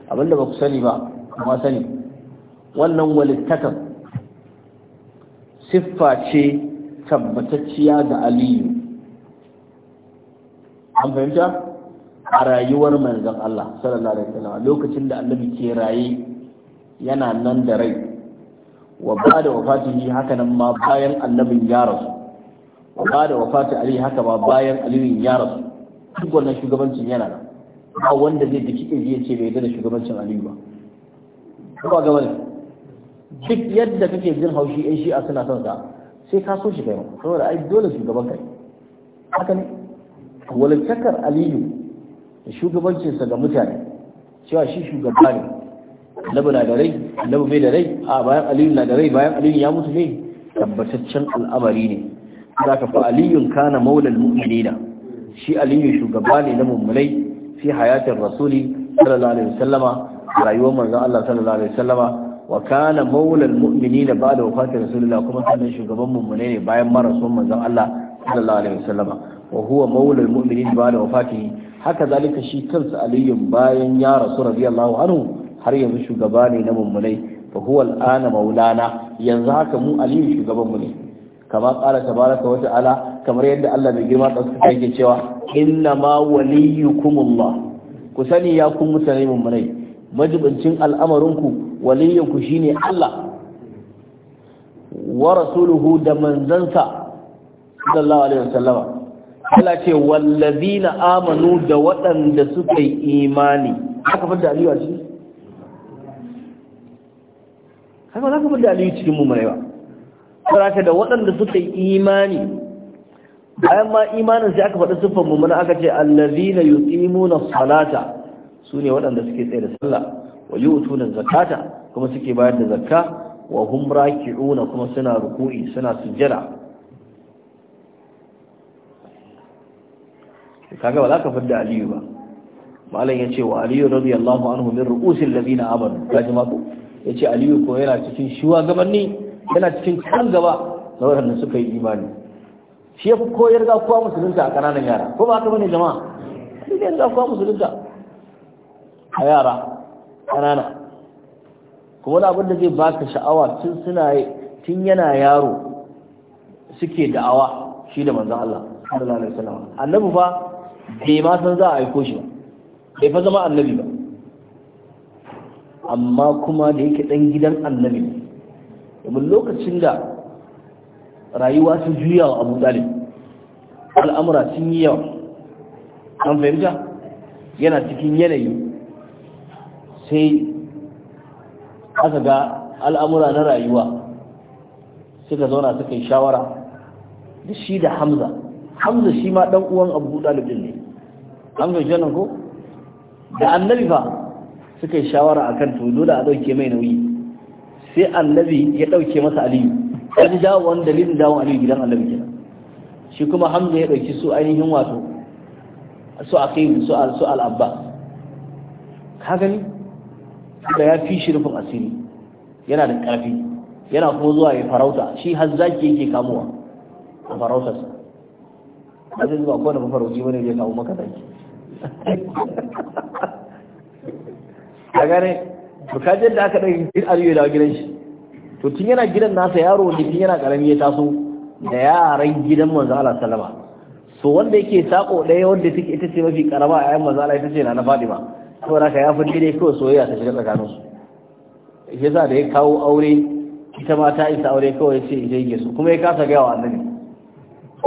A: abinda ba ku sani ba kuma sani wannan walittakan siffa ce tabbatacciya ga aliyu an fahimta a rayuwar manzon Allah sallallahu alaihi wasallam lokacin da annabi ke raye yana nan da rai wa ba da wafatihi haka nan ma bayan annabin ya rasu wa ba da wafati ali haka ma bayan aliyun ya rasu duk wannan shugabancin yana nan ba wanda zai daki ƙirji ya ce bai da shugabancin aliyu ba ba ga wani duk yadda kake jin haushi shi shi'a suna son sa sai ka so shi kai ma saboda ai dole shugaban kai haka ne walittakar aliyu da shugabancinsa ga mutane cewa shi shugaba ne annabi na da rai labu bai da rai a bayan aliyu na da rai bayan aliyu ya mutu ne tabbataccen al'amari ne za ka fa aliyun kana maulal mu'minina shi aliyu shugaba ne na mummulai fi hayatin rasuli sallallahu alaihi wasallama rayuwar manzon Allah sallallahu alaihi wasallama wa kana maulal mu'minina ba'da wafatir rasulullah kuma sannan shugaban mummune ne bayan marasun manzon Allah sallallahu alaihi wasallama wa huwa maulal mu'minin ba da wafati haka zalika shi kansa aliyun bayan ya rasu radiyallahu anhu har yanzu shugaba ne na mummunai fa huwa al'ana maulana yanzu haka mu aliyun shugaban mu ne kama qala tabaraka wa ta'ala kamar yadda Allah mai girma tsaka yake cewa inna ma waliyukumullah ku sani ya kun mutane mummunai majibincin al'amarinku waliyinku shine Allah wa rasuluhu da manzansa sallallahu alaihi wasallama Allah ce na amanu da waɗanda suka yi imani aka fadda aliyu a ciki haka za ka fadda aliyu cikin mu mai ba saraka da waɗanda suka yi imani bayan ma imanin sai aka faɗi siffar mu mana aka ce na tsimu na salata Su ne waɗanda suke tsaye da sallah wa na zakata kuma suke bayar da zakka wa humra raki'una kuma suna ruku'i suna sujjada kaga ba za ka fadda aliyu ba malam ya ce wa aliyu radiyallahu anhu min ru'usil ladina amanu kaji ma ko ya ce aliyu ko yana cikin gabanni yana cikin kan gaba na waɗanda suka yi imani shi ya fi koyar ga kowa musulunta a ƙananan yara ko ba ka bane jama'a ne ga kowa musulunta a yara ƙanana kuma wani abin da zai baka sha'awa tun suna tun yana yaro suke da'awa shi da manzon Allah sallallahu alaihi wasallam annabi fa bai ma san za a aiko shi ba bai fa zama annabi ba amma kuma da yake dan gidan annabi domin lokacin da rayuwa sun juya wa abu talib al'amura sun yi yawa an fahimta yana cikin yanayi sai aka ga al'amura na rayuwa suka zauna suka yi shawara da shi da hamza hamza shi ma dan uwan abu talib ne an gaji ko da annabi fa suka yi shawara akan to dole a dauke mai nauyi sai annabi ya dauke masa aliyu ji dawo wani dalilin dawo aliyu gidan annabi kenan shi kuma hamza ya dauki su ainihin wato su kai su al su al abba. ka gani da ya fi shirfin asiri yana da karfi yana kuma zuwa ya farauta shi har zaki yake kamowa a farautarsa a zai zuwa kowane mafarauci wani zai kawo maka zaki a gane to kajin da aka ɗan yin aliyu da gidan shi to tun yana gidan nasa yaro ne tun yana karami ya taso da yaran gidan manzo Allah sallama so wanda yake sako ɗaya wanda take ita ce mafi karama a yan manzo Allah ita ce na na Fatima to ka ya fi dai kawai soyayya ta shiga tsakanin su yasa da ya kawo aure ita ma ta isa aure kawai ce ije yake su kuma ya kasa gaya wa annabi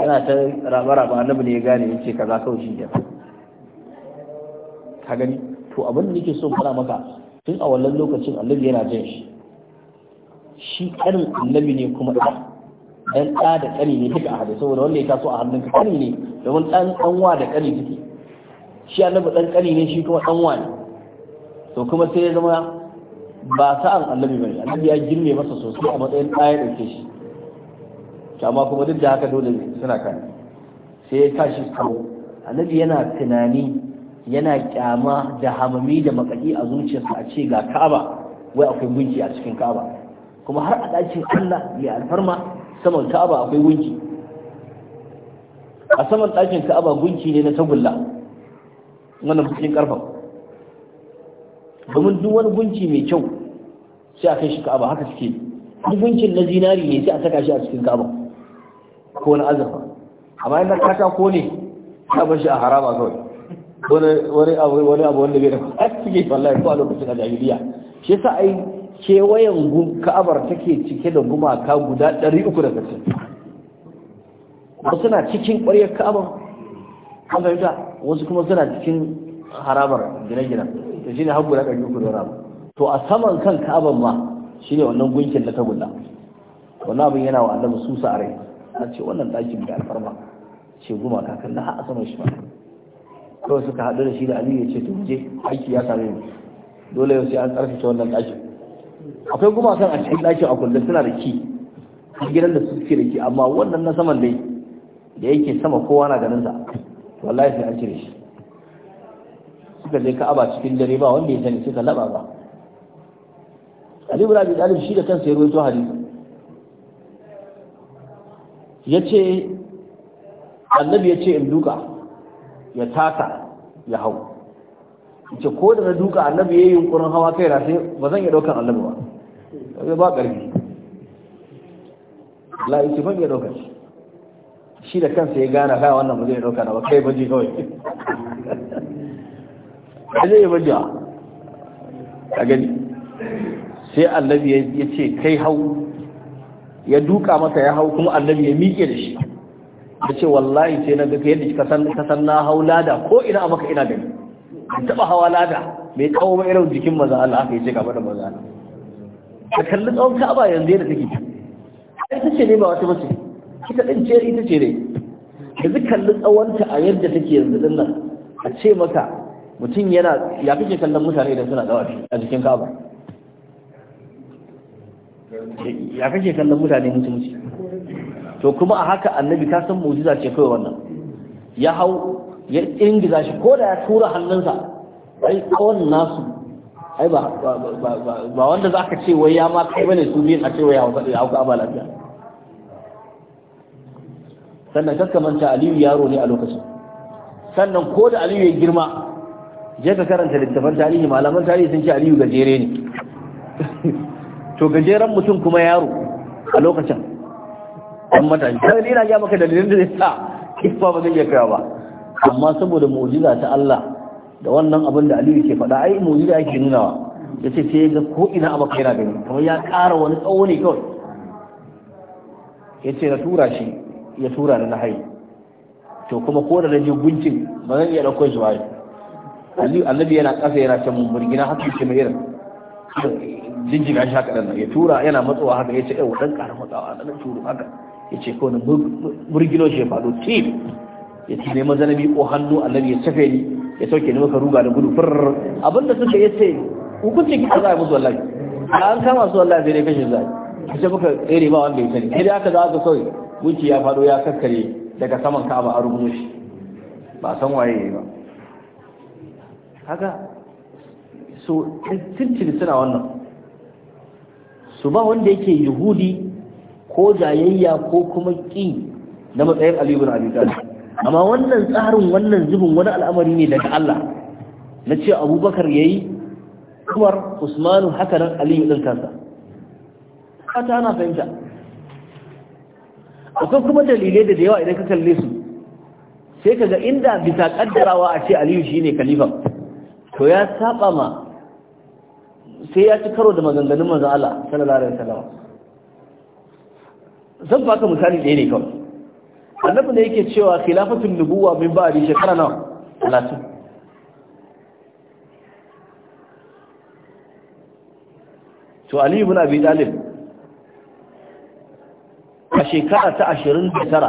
A: yana ta raba-raba annabi ne ya gane yace ce kawai shi ya ka gani to abin da nake so fara maka tun a wannan lokacin annabi yana jan shi shi karin annabi ne kuma da dan ɗa da ƙani ne duka a hadisi saboda wanda ya taso a hannunka ƙani ne domin dan dan wa da ƙani duke shi annabi dan ƙani ne shi kuma dan wa ne to kuma sai ya zama ba sa'an annabi bane annabi ya girme masa sosai a matsayin ɗaya ke shi to amma kuma duk da haka dole suna kan sai ya tashi tsawo annabi yana tunani yana kyama da hamami da makaki a zuciyarsa a ce ga ka'aba wai akwai gunki a cikin ka'aba kuma har a ɗakin Allah mai alfarma saman ka'aba akwai gunki a saman ɗakin ka'aba gunki ne na tagulla wannan cikin karfan domin duk wani gunki mai kyau sai a kai shi ka'aba haka suke gunkin na zinari ne sai a saka shi a cikin ka'aba ko wani azurfa amma idan katako ne ta bashi shi a harama kawai wani abu wani wanda bai da ke wallahi ko a lokacin ajabiliya shi a ai kewayen ka'abar take cike da gumaka guda 360 wasu na cikin kwariyar ka'abar an ta. wasu kuma suna cikin harabar gine-ginen to ɗari uku da rama to a saman kan ka'abar ma shine wannan gunkin na tagulla wannan abin yana wa annabi susa a rai an ce wannan ɗakin da alfarma ce guma kakan na a saman shi ba kawai suka haɗu da shi da aliyu ya ce to je aiki ya same mu dole yau sai an ta wannan ɗakin akwai gumakan a cikin ɗakin a kullum suna da ki gidan da suke da ki amma wannan na saman dai da yake sama kowa na ganin sa wallahi sai an cire shi suka je ka'aba cikin dare ba wanda ya sani suka laba ba Ali ibn Abi Talib shi da kansa ya ruwaito hadisi ya ce annabi ya ce in duka ya tata ya hau ce ko da na duka annabi ya yi yunkurin hawa kai na sai ba zan iya ɗaukar annabi ba zai ba ƙarfi la yake ban iya ɗaukar shi da kansa ya gane kai wannan ba zai ɗauka na ba kai baji kawai ba zai yi baji a gani sai annabi ya ce kai hau ya duka masa ya hau kuma annabi ya miƙe da shi da ce wallahi sai na ga yadda ka san na hau lada ko ina a maka ina gani an taɓa hawa lada mai kawo mai irin jikin maza Allah aka yi ce gaba da maza Allah ka kalli tsawon kaba yanzu yadda take ita ce ne ba wata mace ita ɗin ce ita ce ne yanzu kalli tsawonta a yadda take yanzu din nan a ce maka mutum yana ya kake kallon mutane idan suna dawa a jikin kaba ya kake kallon mutane mutunci to kuma a haka annabi ka san mu'jiza ce kai wannan ya hau ya ingiza shi ko da ya tura hannunsa ai kawon nasu ai ba ba wanda za ka ce wai ya ma kai bane su biyan a ce wai ya hauka ba lafiya sannan manta aliyu yaro ne a lokacin sannan ko da aliyu ya girma je ka karanta littafan tarihi malaman tarihi sun ce aliyu gajere ne to gajeren mutum kuma yaro a lokacin an matashi ta ne na ya maka dalilin da zai sa kifa ba zai iya kaiwa ba amma saboda mu'jiza ta Allah da wannan abin da Aliyu ke faɗa ai mu'jiza yake nunawa ya ce sai ga ko ina abu kai na gani kamar ya ƙara wani tsawo ne kawai ya ce na tura shi ya tura ni na haihu to kuma ko da je guncin ba zan iya ɗauko shi ba Aliyu annabi yana ƙasa yana can murgina haka shi mai irin jijjiga shi haka nan ya tura yana matsowa haka ya ce yau dan ƙara matsawa dan turu haka ya ce kawai murgino shi ya faɗo tim ya ce neman zanabi ko hannu annabi ya cafe ni ya sauke ni maka ruga da gudu fur abinda suka ya ce hukuncin ki za a musu wallahi an kama su wallahi sai dai kashe zai ka ce muka tsere ba wanda ya sani sai dai aka za ka kawai gunki ya faɗo ya kakkare daga saman ka'aba a rubuto shi ba san waye ne ba haka so cincin suna wannan su ba wanda yake yahudi ko jayayya ko kuma ƙi na matsayin aliyu bin abi amma wannan tsarin wannan zubin wani al'amari ne daga Allah na ce abubakar yayi umar usmanu haka nan aliyu din kansa fata ana fahimta akwai kuma dalilai da yawa idan ka kalle su sai ka ga inda bisa kaddarawa a ce aliyu shine khalifa to ya saba ma sai ya ci karo da maganganun manzan Allah sallallahu alaihi wasallam zan baka misali ɗaya ne kawai annabi ne yake cewa khilafatul nubuwa min ba'di shekara nawa 30 to ali ibn abi talib a shekara ta 29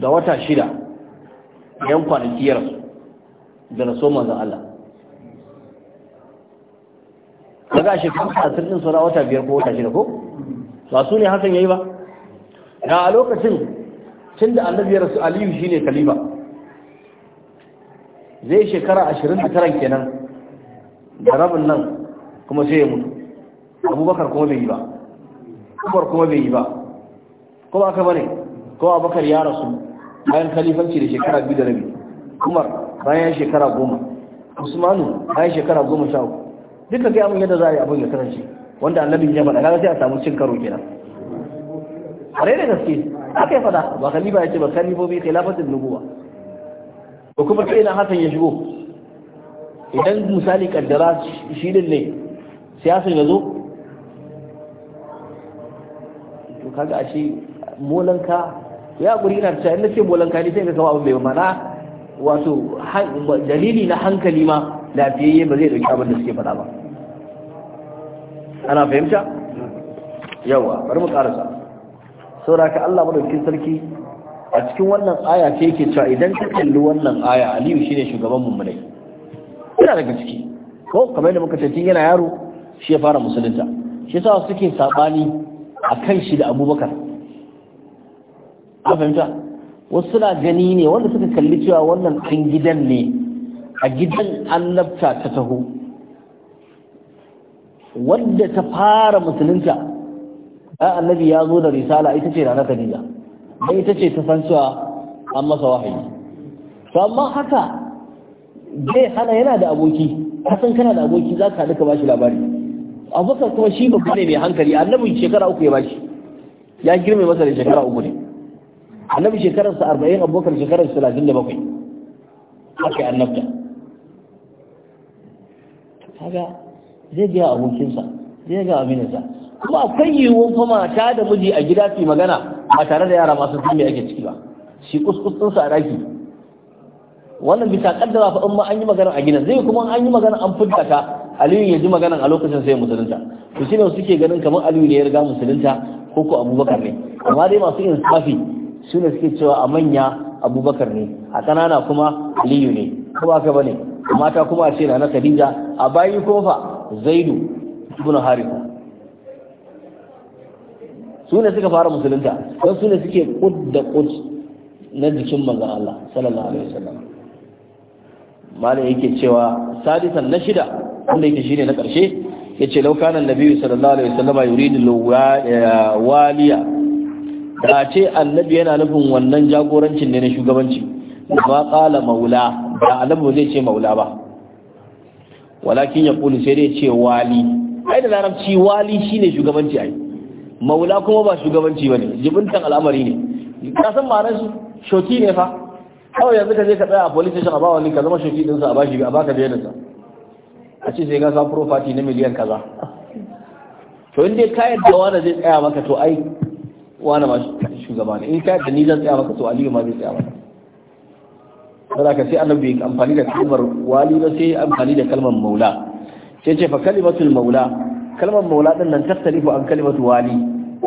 A: da wata shida yan kwanakiyar da so manzan Allah kaga a shekaru asir din sura wata biyar ko wata shida ko ba su ne hakan yayi ba Na a lokacin tun da annabi rasu aliyu shine khalifa zai shekara 29 kenan da rabin nan kuma sai ya mutu abubakar kuma bai yi ba umar kuma bai yi ba ko ba ka bane ko abubakar ya rasu bayan kalifanci da shekara biyu da rabi umar bayan shekara goma usmanu bayan shekara goma sha uku duka kai abin yadda za a yi abin ya kasance wanda annabin ya faɗa kaga sai a samu cin karo kenan kare da gaske aka yi faɗa ba khalifa ya ce ba khalifobi khilafatin nubuwa ko kuma kai na hasan ya shigo idan misali kaddara shi din ne siyasan ya zo to kaga ashe molanka ya guri ina ta yanda ce molanka ne sai ka kawo abin bai mana wato dalili na hankali ma lafiyayye ba zai dauki abinda suke faɗa ba ana fahimta yawa bari mu karasa ka Allah madaukakin sarki a cikin wannan aya ce yake cewa idan ka kalli wannan aya Aliyu shine shugaban mummunai ina daga ciki ko kamar yadda muka tantin yana yaro shi ya fara musulunta shi yasa suke sabani akan shi da Abubakar a fahimta wasu na gani ne wanda suka kalli cewa wannan kan gidan ne a gidan annabta ta taho wadda ta fara musulunta ɗan annabi ya zo da risala ita ce rana kadija don ita ce ta san cewa an masa wahayi to amma haka zai hana yana da aboki kasan kana da aboki za ka haɗu ka bashi labari abubakar kuma shi ba ne mai hankali annabi shekara uku ya bashi ya girme masa da shekara uku ne annabi shekararsa arba'in abubakar shekararsa talatin da bakwai haka annabta kaga zai ga abokinsa zai ga aminansa kuma akwai yiwuwar fa mata da miji a gida su magana ba tare da yara masu sun me ake ciki ba shi kuskus sa a daki. wannan bisa kaddara fa in ma an yi magana a gidan zai kuma an yi magana an fudda ta aliyu ya ji magana a lokacin sai musulunta to shine suke ganin kamar aliyu ne ya riga musulunta ko ko abubakar ne amma dai masu insafi su ne suke cewa a manya abubakar ne a ƙanana kuma aliyu ne ko ba ka bane mata kuma a ce na Khadija a bayin kofa Zaidu ibn Harith su ne suka fara musulunta don su ne suke kud da kud na jikin manzon Allah sallallahu alaihi wasallam malam yake cewa sadisan na shida wanda yake shine na karshe yace laukan annabi sallallahu alaihi wasallam yuridu waliya da ce annabi yana nufin wannan jagorancin ne na shugabanci ba qala maula ba alamu zai ce maula ba walakin ya kuli sai dai ce wali ai da larabci wali shine shugabanci ai maula kuma ba shugabanci bane jibintan al'amari ne ka san ma'anar shi shoki ne fa kawai yanzu ka je ka tsaya a police station a ba wani ka zama shoki din sa a bashi a baka biyan sa a ce sai ka sa property na miliyan kaza to in dai ka yadda wani zai tsaya maka to ai wani ma shugaba ne in ka yadda ni zan tsaya maka to aliyu ma zai tsaya maka kada ka sai annabi ya amfani da kalmar wali ba sai amfani da kalmar maula sai ce fa kalimatul maula kalmar maula din nan tattalifu an kalimatu wali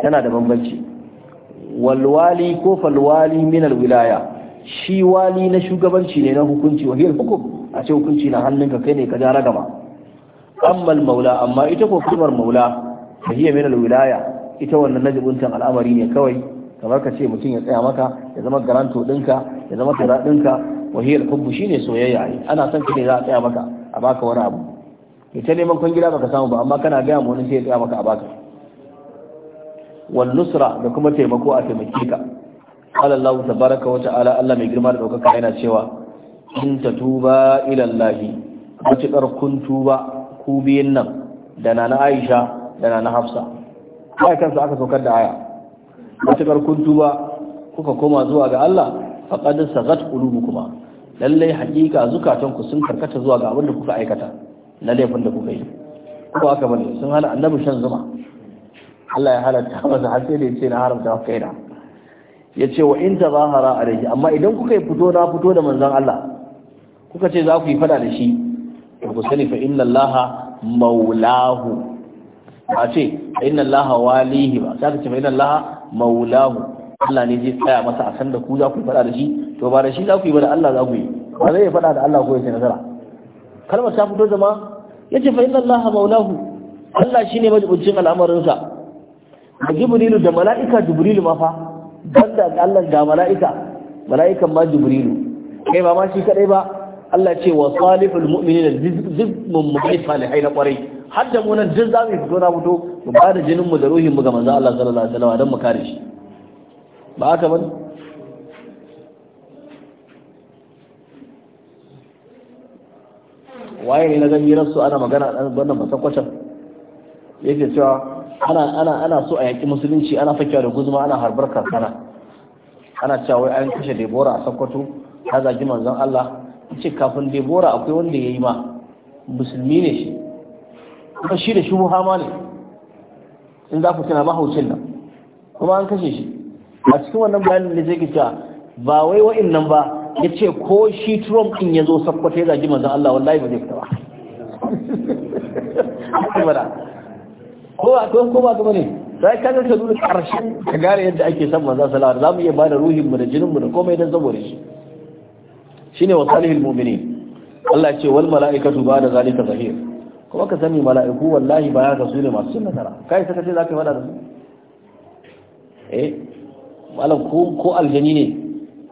A: tana da bambanci wal wali ko fal wali min al wilaya shi wali na shugabanci ne na hukunci wa hiyar hukum a ce hukunci na hannunka kai ne ka ja ragama amma al maula amma ita ko kalmar maula fa hiya min al wilaya ita wannan tan al'amari ne kawai kamar ka ce mutum ya tsaya maka ya zama garanto ɗinka ya zama kira dinka Wahiyar hiya al-hubbu shine soyayya ai ana son kake za a tsaya maka a baka wani abu ke ta neman kwangila baka samu ba amma kana gaya mu wani sai ya tsaya maka a baka wal nusra da kuma taimako a taimake ka qala Allah tabaraka wa ta'ala Allah mai girma da daukaka yana cewa in tatuba ila Allah matukar kun tuba ku biyan nan da nana Aisha da nana Hafsa kai kansu aka saukar da aya matukar kun tuba kuka koma zuwa ga Allah faqad sagat kuma lallai hakika zukatanku sun karkata zuwa ga abin da kuka aikata na laifin da kuka yi ko aka bane sun hana annabi shan zuma Allah ya halatta masa har sai da yace na haramta wa kaina yace wa in tazahara alayhi amma idan kuka yi fito na fito da manzon Allah kuka ce za ku yi fada da shi to ku sani fa inna Allah maulahu ba ce inna Allah walihi ba sai ka ce inna Allah maulahu Allah ne zai tsaya masa a sanda ku za ku faɗa da shi to ba da shi za ku yi ba da Allah za ku yi ba zai faɗa da Allah ko ya ce nasara kalmar ta fito zama yace ce inna Allah maulahu Allah shine majibucin al'amarin sa da jibrilu da mala'ika jibrilu ma fa banda da Allah ga mala'ika mala'ikan ma jibrilu kai ba ma shi kadai ba Allah ce wa salihul mu'minin zibmun mu'min salihai na kwarai har da mu nan duk zamu fito na fito mu ba da jinin mu da ruhin mu ga manzo Allah sallallahu alaihi wasallam dan mu kare shi ba haka ba waye ne na gani rasu ana magana dan wannan masakwacin yake cewa ana ana ana so a yaki musulunci ana fakewa da guzuma ana harbar karkana ana cewa wai an kashe debora a sakwato ta zagi manzon Allah ce kafin debora akwai wanda ya yi ma musulmi ne shi kuma shi da shubuha ma ne in za ku tuna mahaucin nan kuma an kashe shi a cikin wannan bayanin da zai cewa ba wai nan ba ya ce ko shi trump in ya zo sakkwata ya zagi manzan Allah wallahi ba zai fita ba ko ba ko ba ko ne sai ka ga kazo karshen ka gane yadda ake san manzan sallallahu za mu iya bada ruhin mu da jinin mu da komai dan saboda shi shine wa salihul mu'minin Allah ce wal mala'ikatu ba da zalika zahir kuma ka sani mala'iku wallahi ba ya ka su ne masu cin nasara kai saka ce za ka yi wada da su eh malam ko ko aljani ne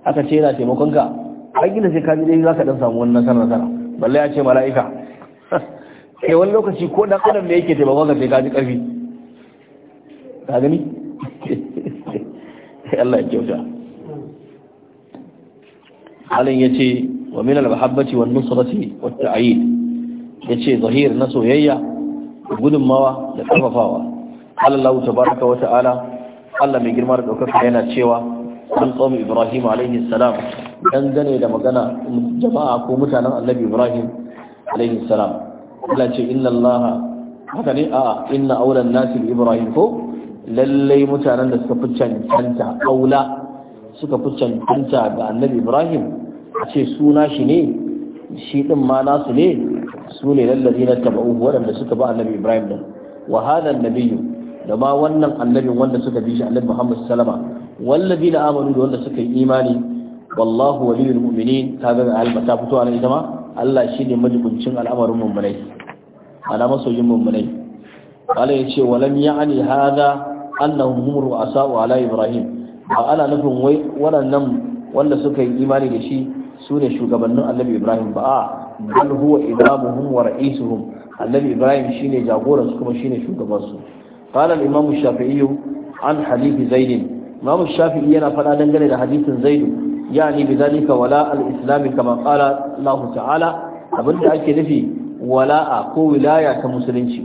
A: aka ce yana taimakon ka an gina sai ka ji dai zaka dan samu wannan nasara nasara balle ya ce mala'ika ke wani lokaci ko dan adam ne yake taimakon ka sai ka ji karfi ka gani Allah ya kyauta halin yace wa min al-mahabbati wan nusrati wat ta'yid yace zahir na soyayya gudunmawa da kafafawa. Allah tabaraka wa ta'ala Allah mai girma da ɗaukaka yana cewa an tsomi Ibrahim alaihi salam dangane da magana jama'a ko mutanen annabi Ibrahim alaihi salam Allah ce inna Allah haka ne a inna auren nasi Ibrahim ko lallai mutanen da suka fi cancanta aula suka fi cancanta ga annabi Ibrahim a ce suna shi ne shi din ma nasu ne su ne lallazi na taba'u waɗanda suka ba annabi Ibrahim din wa hada nabiyyu da ma wannan annabin wanda suka bi shi annabi Muhammad sallama wallazi na amanu da wanda suka yi imani wallahu waliyul mu'minin ta ga alba ta fito ana ita ma Allah shine majibincin al'amarin mu'minai ana masoyin mu'minai Allah yace walam ya'ni hadha annahum hum ru'asa'u ala ibrahim ba ana nufin wai waɗannan wanda suka yi imani da shi su ne shugabannin annabi ibrahim ba a bal huwa imamuhum wa ra'isuhum annabi ibrahim shine jagoransu kuma shine shugabansu قال الإمام الشافعي عن حديث زيد إمام الشافعي yana faɗa dangane da hadisin Zaid yani bizalika wala al-islam kama qala Allah ta'ala abinda ake nufi wala'a ko wilaya ta musulunci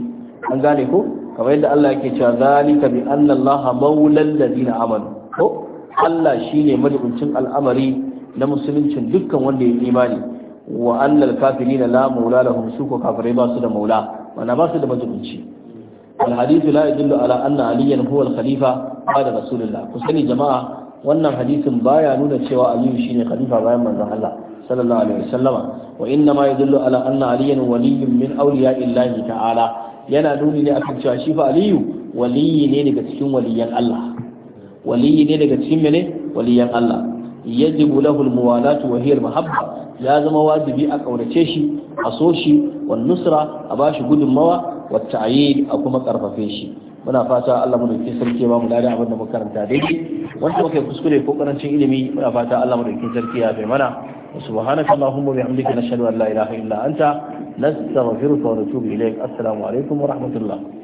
A: an gane ko kamar yadda Allah yake cewa zalika bi anna Allah maulal ladina amanu ko Allah shine madubincin al'amari na musuluncin dukkan wanda ya imani wa annal kafirina la maula lahum su ko kafirai ba basu da maula wana ba da madubinci الحديث لا يدل على أن عليا هو الخليفة بعد رسول الله كسني جماعة وأن حديث بايا نون سوى علي شين خليفة بايا من الله صلى الله عليه وسلم وإنما يدل على أن عليا ولي من أولياء الله تعالى yana nuni ne akan cewa shi fa aliyu waliyi ne daga cikin waliyan Allah waliyi ne daga cikin mene waliyan Allah yajibu lahu almuwalatu wa hiya almahabba ya zama wajibi a kaurace shi a so shi wan nusra a bashi gudunmawa والتعيين أو كما كرففيشي muna fata Allah mu dauki sarki ba mu dade abin da muka karanta dai-dai. wanda muke kuskure ko karancin ilimi muna fata Allah mu dauki sarki ya bai mana subhanaka allahumma bihamdika nashhadu an la ilaha illa anta nastaghfiruka wa natubu ilaik assalamu alaikum wa rahmatullah